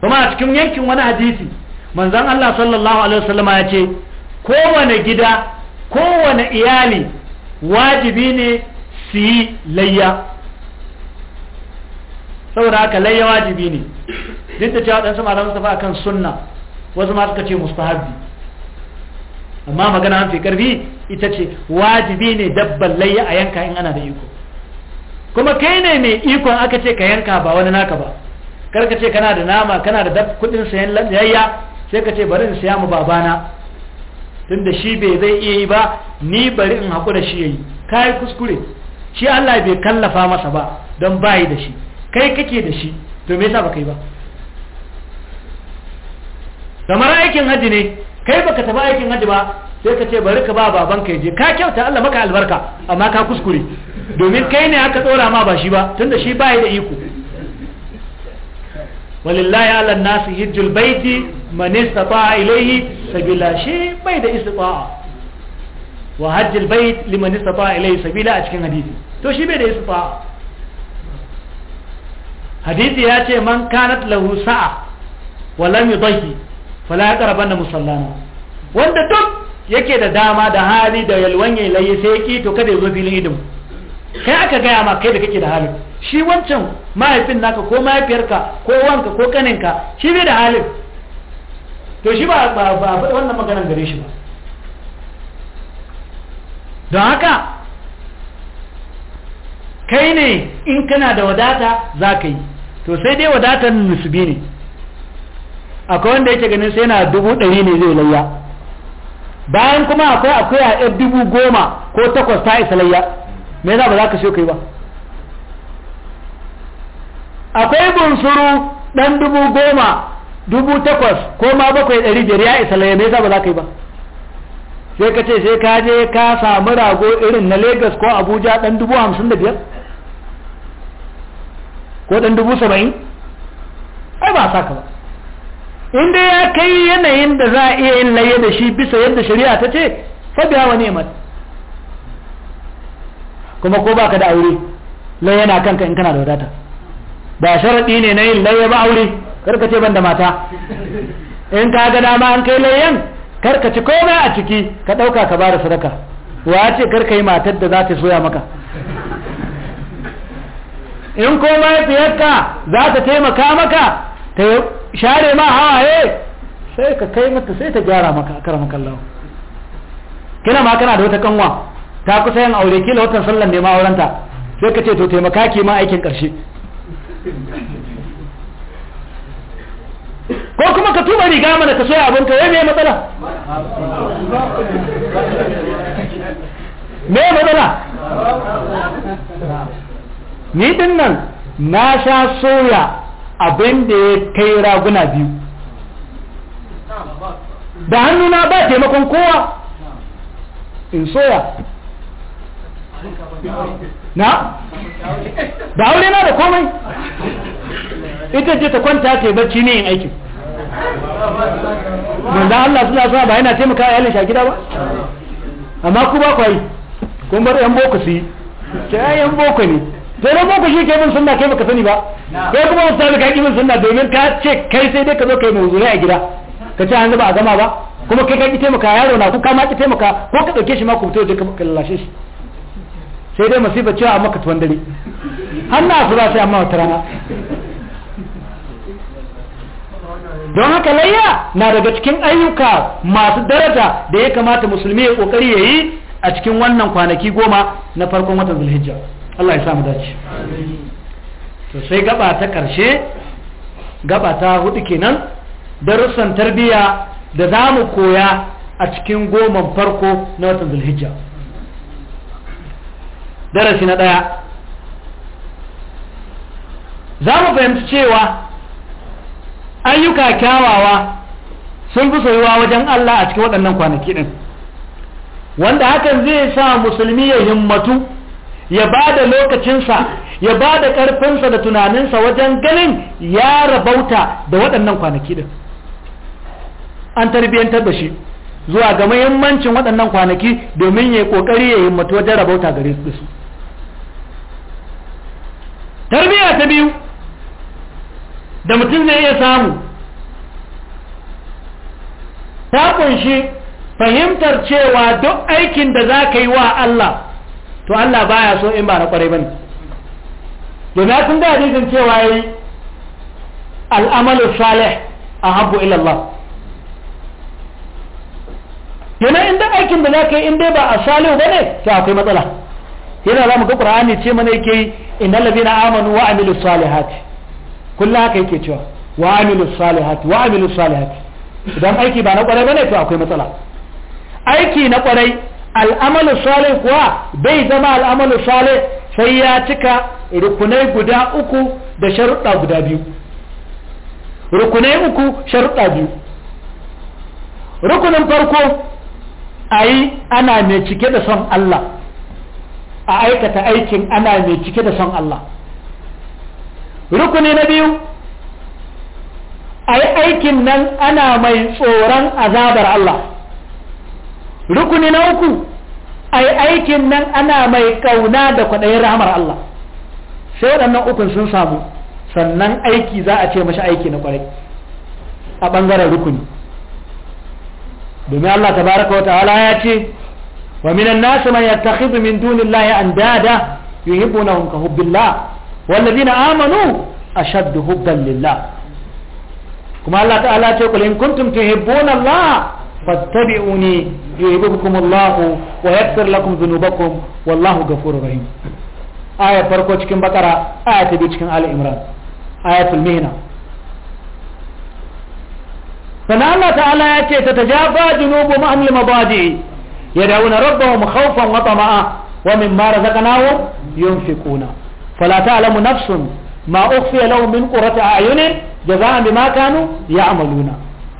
kuma a cikin yankin wani hadisi manzon Allah sallallahu alaihi wasallam ya ce kowane gida kowane iyali wajibi ne su yi layya saboda haka layya wajibi ne duk da cewa dan sama da mustafa akan sunna wasu ma suka ce mustahabi amma magana mafi karfi ita ce wajibi ne dabban layya a yanka in ana da iko kuma kai ne mai ikon aka ce ka yanka ba wani naka ba kar ka ce kana da nama kana da kudin sayan layya sai ka ce bari in siya mu babana tun da shi bai zai iya yi ba ni bari in haku da shi ya yi ka kuskure shi Allah bai kallafa masa ba don bayi da shi kai kake da shi to me yasa ba kai ba kamar aikin hajji ne kai baka tafi aikin hajji ba sai ka ce bari ka ba baban ka je ka kyauta Allah maka albarka amma ka kuskure domin kai ne aka tsora ma ba shi ba tunda shi bai da iko walillahi ala nasi hijjul baiti man istata'a ilayhi sabila shi bai da istita'a wa hajjul bait liman istata'a ilayhi sabila a cikin hadisi to shi bai da istita'a hadisi ya ce man kanat lahu sa'a wa lam yudhi fala ya musallana wanda duk yake da dama da hali da yalwanye laye sai ki to kada ya zo filin idin kai aka gaya ma kai da kake da hali shi wancan mahaifin naka ko mahaifiyarka ko wanka ko kaninka shi bai da halin to shi ba wannan maganan gare shi ba don haka kai ne in kana da wadata za ka yi to sai dai wadatar musubi ne akwai wanda yake ganin sai na dubu ɗari ne zai layya bayan kuma akwai akwai a yar dubu goma ko takwas ta isa layya me za ba za ka so kai ba akwai bunsuru ɗan dubu goma dubu takwas ko ma bakwai ɗari biyar ya isa layya me za ba za ka yi ba sai ka ce sai ka je ka samu rago irin na lagos ko abuja ɗan dubu hamsin da biyar ko ɗan dubu saba'in ai ba sa ka ba in dai ya kai yanayin da za a iya yin laye da shi bisa yadda shari'a ta ce fabiya wa nemat kuma ko baka da aure laye na kanka in kana da wadata ba sharaɗi ne na yin laye ba aure karka ce ban da mata in ka ga dama an kai layen karka ci komai a ciki ka ɗauka ka bada sadaka wa ce karka yi matar da za ta soya maka in ko mahaifiyarka za ta taimaka maka ta share ma hawaye sai ka kai mata sai ta gyara maka a karamin kallon kina ma kana da wata kanwa ta kusa yin aure kila watan sallan ne ma aurenta sai ka ce to taimaka ki ma aikin karshe ko kuma ka tuba riga mana ka soya abinka wai me matsala me matsala ni din nan na sha soya abin da ya kai raguna biyu da hannuna ba taimakon kowa in soya na da aure na da komai ita ce ta kwanta ke bacci ne yin aikin wanda Allah suna suna ba yana taimaka a yalin shagida ba amma ku ba kwayi kun bar yan boko su yi ta yan boko ne to na boko shi ke min sunna kai baka sani ba ko kuma ustazu ka yi min sunna domin ka ce kai sai dai ka zo kai mawzuri a gida ka ce hanzu ba a gama ba kuma kai ka ki taimaka yaro na ko ma ki taimaka ko ka dauke shi ma ku fito da ka lallashe shi sai dai masifa cewa amma ka tuwan dare hannu a fura sai amma wata rana don haka layya na daga cikin ayyuka masu daraja da ya kamata musulmi ya kokari ya yi a cikin wannan kwanaki goma na farkon watan zulhijja Allah ya samu dace to sai gaba ta ƙarshe gaba ta hudu kenan darussan tarbiyya da zamu koya a cikin goman farko na watan zulhijja darasi na daya za mu fahimci cewa ayyuka kyawawa sun fi soyuwa wajen Allah a cikin waɗannan kwanaki ɗin wanda hakan zai sa musulmi ya himmatu ya ba da lokacinsa ya ba da ƙarfinsa da tunaninsa wajen ganin ya rabauta da waɗannan kwanaki ɗin an tarbiyyantar da shi zuwa ga muhimmancin waɗannan kwanaki domin ya ƙoƙari ya himmatu wajen rabauta gare su tarbiyya ta biyu da mutum zai iya samu ta ƙunshi fahimtar cewa duk aikin da za ka yi wa Allah to Allah baya so in ba na kwarai bane domin kun da hadisin cewa yi al'amalu salih ahabbu ila Allah yana inda aikin da za zaka yi in dai ba a salihu ne? to akwai matsala yana za mu ga qur'ani ce mana yake innal ladina amanu wa amilus salihati kullu haka yake cewa wa amilus salihati wa amilus salihati idan aiki ba na kwarai ne? to akwai matsala aiki na kwarai al'amalu salih kuwa bai zama al'amalu salih sai ya cika rukunai guda uku da sharuɗa guda biyu rukunai uku sharuɗa biyu rukunin farko a yi ana mai cike da son Allah a aikata aikin ana mai cike da son Allah rukuni na biyu a yi aikin nan ana mai tsoron azabar Allah rukuni na uku ai aikin nan ana mai kauna da kwaɗayin rahamar Allah sai waɗannan ukun sun samu sannan aiki za a ce mashi aiki na kwarai a ɓangaren rukuni domin Allah tabaraka wa ta'ala ya ce wa minan nasu man yattakhidhu min dunillahi andada yuhibbunahum ka hubbillah walladhina amanu ashaddu hubban lillah kuma Allah ta'ala ce kul in kuntum tuhibbuna Allah فاتبعوني يهدكم الله ويغفر لكم ذنوبكم والله غفور رحيم آية فرقو كم بقرة آية تبي كم آل عمران آية المهنة فنا الله تعالى يأتي تتجافى جنوبهم عن المضاجع يدعون ربهم خوفا وطمعا ومما رزقناهم ينفقون فلا تعلم نفس ما أخفي لهم من قرة أعين جزاء بما كانوا يعملون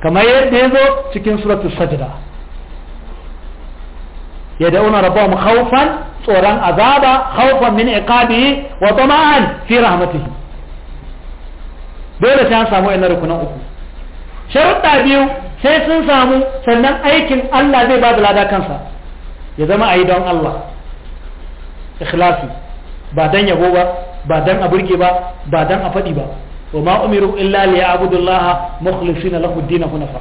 kamar yadda ya zo cikin suratu sajda ya da'una mu haufan tsoron azaba haufan min iqabihi wa tama'an fi rahmatihi dole sai an samu ina rukunan uku sharuɗa biyu sai sun samu sannan aikin Allah zai ba da lada kansa ya zama a yi don Allah ikhlasi ba don yabo ba ba don a burge ba ba don a faɗi ba وما أمروا إلا ليعبدوا الله مخلصين له الدين هنفا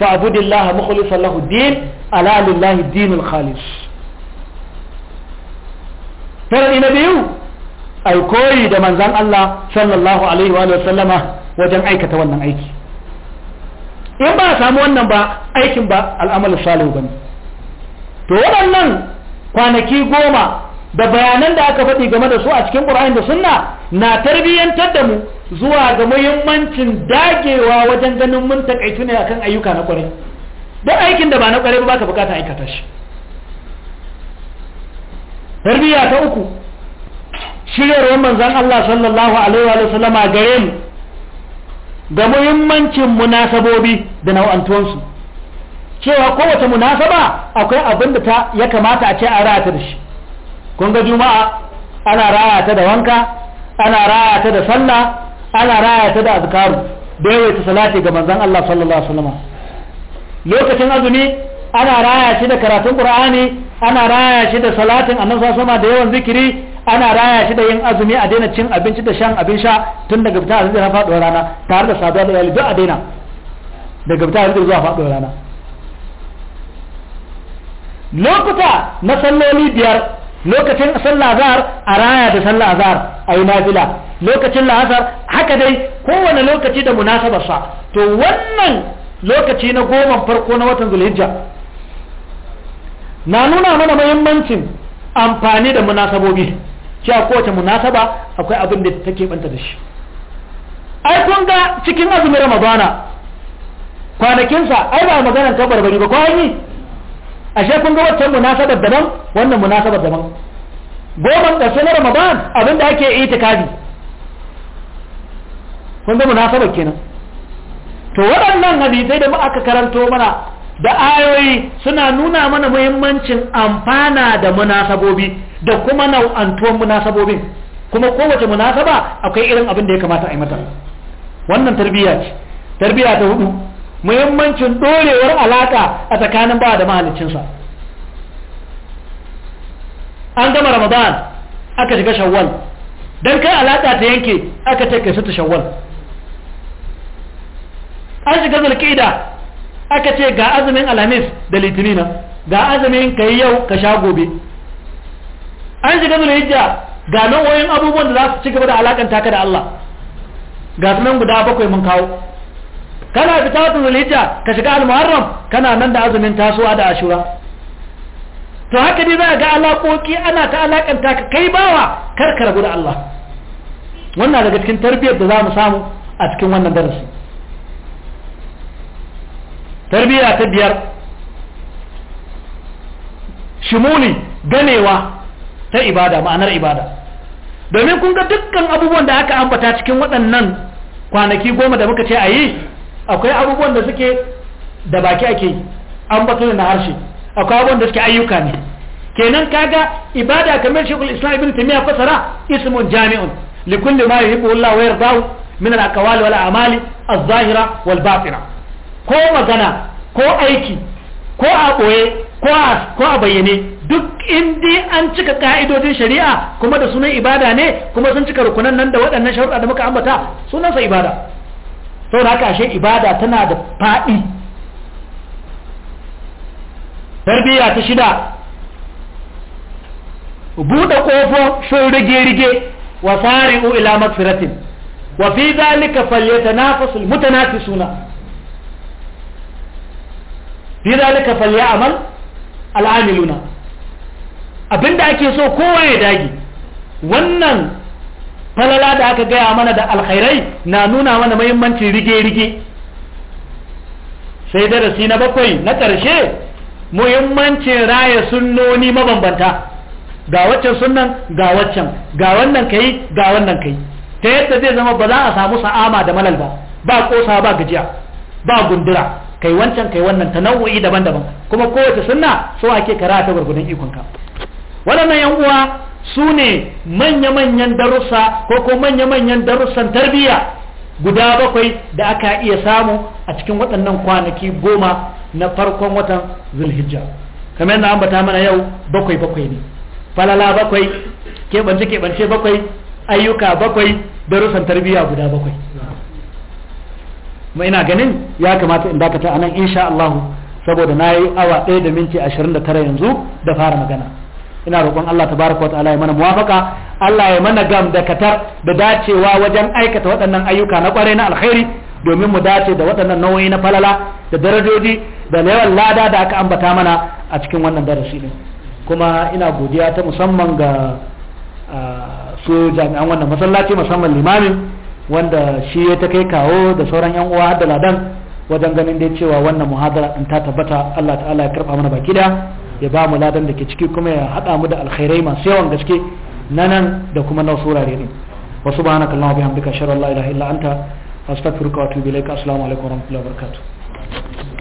فاعبد الله مخلصا له الدين ألا لله الدين الخالص ترى النبي الكوي ده من زن الله صلى الله عليه وآله وسلم وجن أيكة ونن أيكي in ba a samu wannan ba aikin ba al'amal salihu bane to waɗannan kwanaki goma da bayanan da aka faɗi game da su a cikin Ƙur'ain da sunna na tarbiyyantar da mu zuwa ga muhimmancin dagewa wajen ganin mun taƙaitu ne akan ayyuka na ƙwarai don aikin da ba na ƙwarai ba ka bukata aikata shi tarbiyya ta uku shiryarwar manzan Allah sallallahu alaihi wa a gare mu ga muhimmancin munasabobi da nau'antuwansu cewa kowace munasaba akwai abin da ya kamata a ce a rata da shi kun juma'a ana raya ta da wanka ana raya ta da sallah ana raya ta da azkaru da ta salati ga manzon Allah sallallahu alaihi wasallam lokacin azumi ana raya shi da karatun qur'ani ana raya shi da salatin annabi sallallahu alaihi da yawan zikiri ana raya shi da yin azumi a daina cin abinci da shan abin sha tun daga fita azumi har faduwar rana tare da saduwa da iyali duk a daina daga fita azumi zuwa faduwar rana lokuta na salloli biyar lokacin sallah azhar a raya da sallah azhar a yi nafila lokacin la'asar haka dai kowane lokaci da munasabarsa to wannan lokaci na goman farko na watan zulhijja na nuna mana mahimmancin amfani da munasabobi cewa kowace munasaba akwai abin da take banta da shi ai kun ga cikin azumin ramadana kwanakinsa ai ba maganar bari ba kwani ashe kun ga waccan munasabar daban wannan munasabar daban goma ƙarshen na ramadan da ake itikafi kun ga munasabar kenan to waɗannan hadisai da aka karanto mana da ayoyi suna nuna mana muhimmancin amfana da munasabobi da kuma nau'antuwan munasabobin kuma kowace munasaba akwai irin abin da ya kamata a yi mata wannan tarbiyya ce tarbiyya ta hudu muhimmancin dorewar alaka a tsakanin ba da mahalicinsa an gama ramadan aka shiga shawwal don kai alaka ta yanke aka take su ta shawwal an shiga zulkida aka ce ga azumin alhamis da litinina ga azumin ka yi yau ka sha gobe an shiga zulhijja ga nan wayan abubuwan da za su ci gaba da alakanta ka da Allah ga sunan guda bakwai mun kawo kana fita tu zulhijja ka shiga al-muharram kana nan da azumin tasuwa da ashura to haka dai za ga alaƙoƙi ana ta alaƙanta ka kai bawa kar ka rabu da Allah wannan daga cikin tarbiyyar da za mu samu a cikin wannan darasi tarbiyya ta biyar shimuli ganewa ta ibada ma'anar ibada domin kun ga dukkan abubuwan da aka ambata cikin waɗannan kwanaki goma da muka ce a yi akwai abubuwan da suke da baki ake yi an batu na harshe akwai abubuwan da suke ayyuka ne kenan kaga ibada kamar shekul islam ibn taymiya fasara ismun jami'un likulli ma yuhibbu Allah wa yardahu min al-aqwali wal a'mali az-zahira wal batina ko magana ko aiki ko a boye ko a bayyane duk indi an cika ka'idodin shari'a kuma da sunan ibada ne kuma sun cika rukunan nan da waɗannan sharuɗa da muka ambata sunansa ibada saboda haka ashe ibada tana da faɗi tarbiyya ta shida buɗe ƙofofin rige-rige wa fari'u ila magfiratin wa fi zalika falyatanafasul mutanafisuna fi zalika falyamal al'amiluna abinda ake so kowa ya dage wannan falala da aka gaya mana da alkhairai na nuna mana muhimmancin rige-rige sai darasi na bakwai na ƙarshe muhimmancin raya sunnoni mabambanta ga waccan sunnan ga waccan ga wannan kai ga wannan kai ta yadda zai zama ba za a samu sa'ama da malal ba ba kosa ba gajiya ba gundura kai wancan kai wannan ta nau'o'i daban-daban kuma kowace sunna so ake karata gurgurdan ikonka waɗannan yan uwa su ne manya-manyan darussa ko ko manya-manyan darussan tarbiyya guda bakwai da aka iya samu a cikin waɗannan kwanaki goma na farkon watan zulhijja kamar yadda ambata mana yau bakwai bakwai ne falala bakwai keɓance keɓance bakwai ayyuka bakwai darussan tarbiyya guda bakwai mai ina ganin ya kamata in dakata anan insha Allah saboda na yi awa ɗaya da minti ashirin da tara yanzu da fara magana ina roƙon Allah ta wata ta'ala ya mana muwafaka Allah ya mana gam da katar da dacewa wajen aikata waɗannan ayyuka na ƙwarai na alkhairi domin mu dace da waɗannan nauyi na falala da darajoji da yawan lada da aka ambata mana a cikin wannan darasi din kuma ina godiya ta musamman ga su jami'an wannan masallaci musamman limamin wanda shi ya ta kai kawo da sauran yan uwa da ladan wajen ganin dai cewa wannan muhadara in ta tabbata Allah ta'ala ya karba mana baki da ya ba mu ladan da ke ciki kuma ya haɗa mu da alkhairai masu yawan gaske na nan da kuma na surare ne wa subhanaka allahumma bihamdika ashhadu an la ilaha illa anta astaghfiruka wa atubu ilaik assalamu alaikum wa rahmatullahi wa barakatuh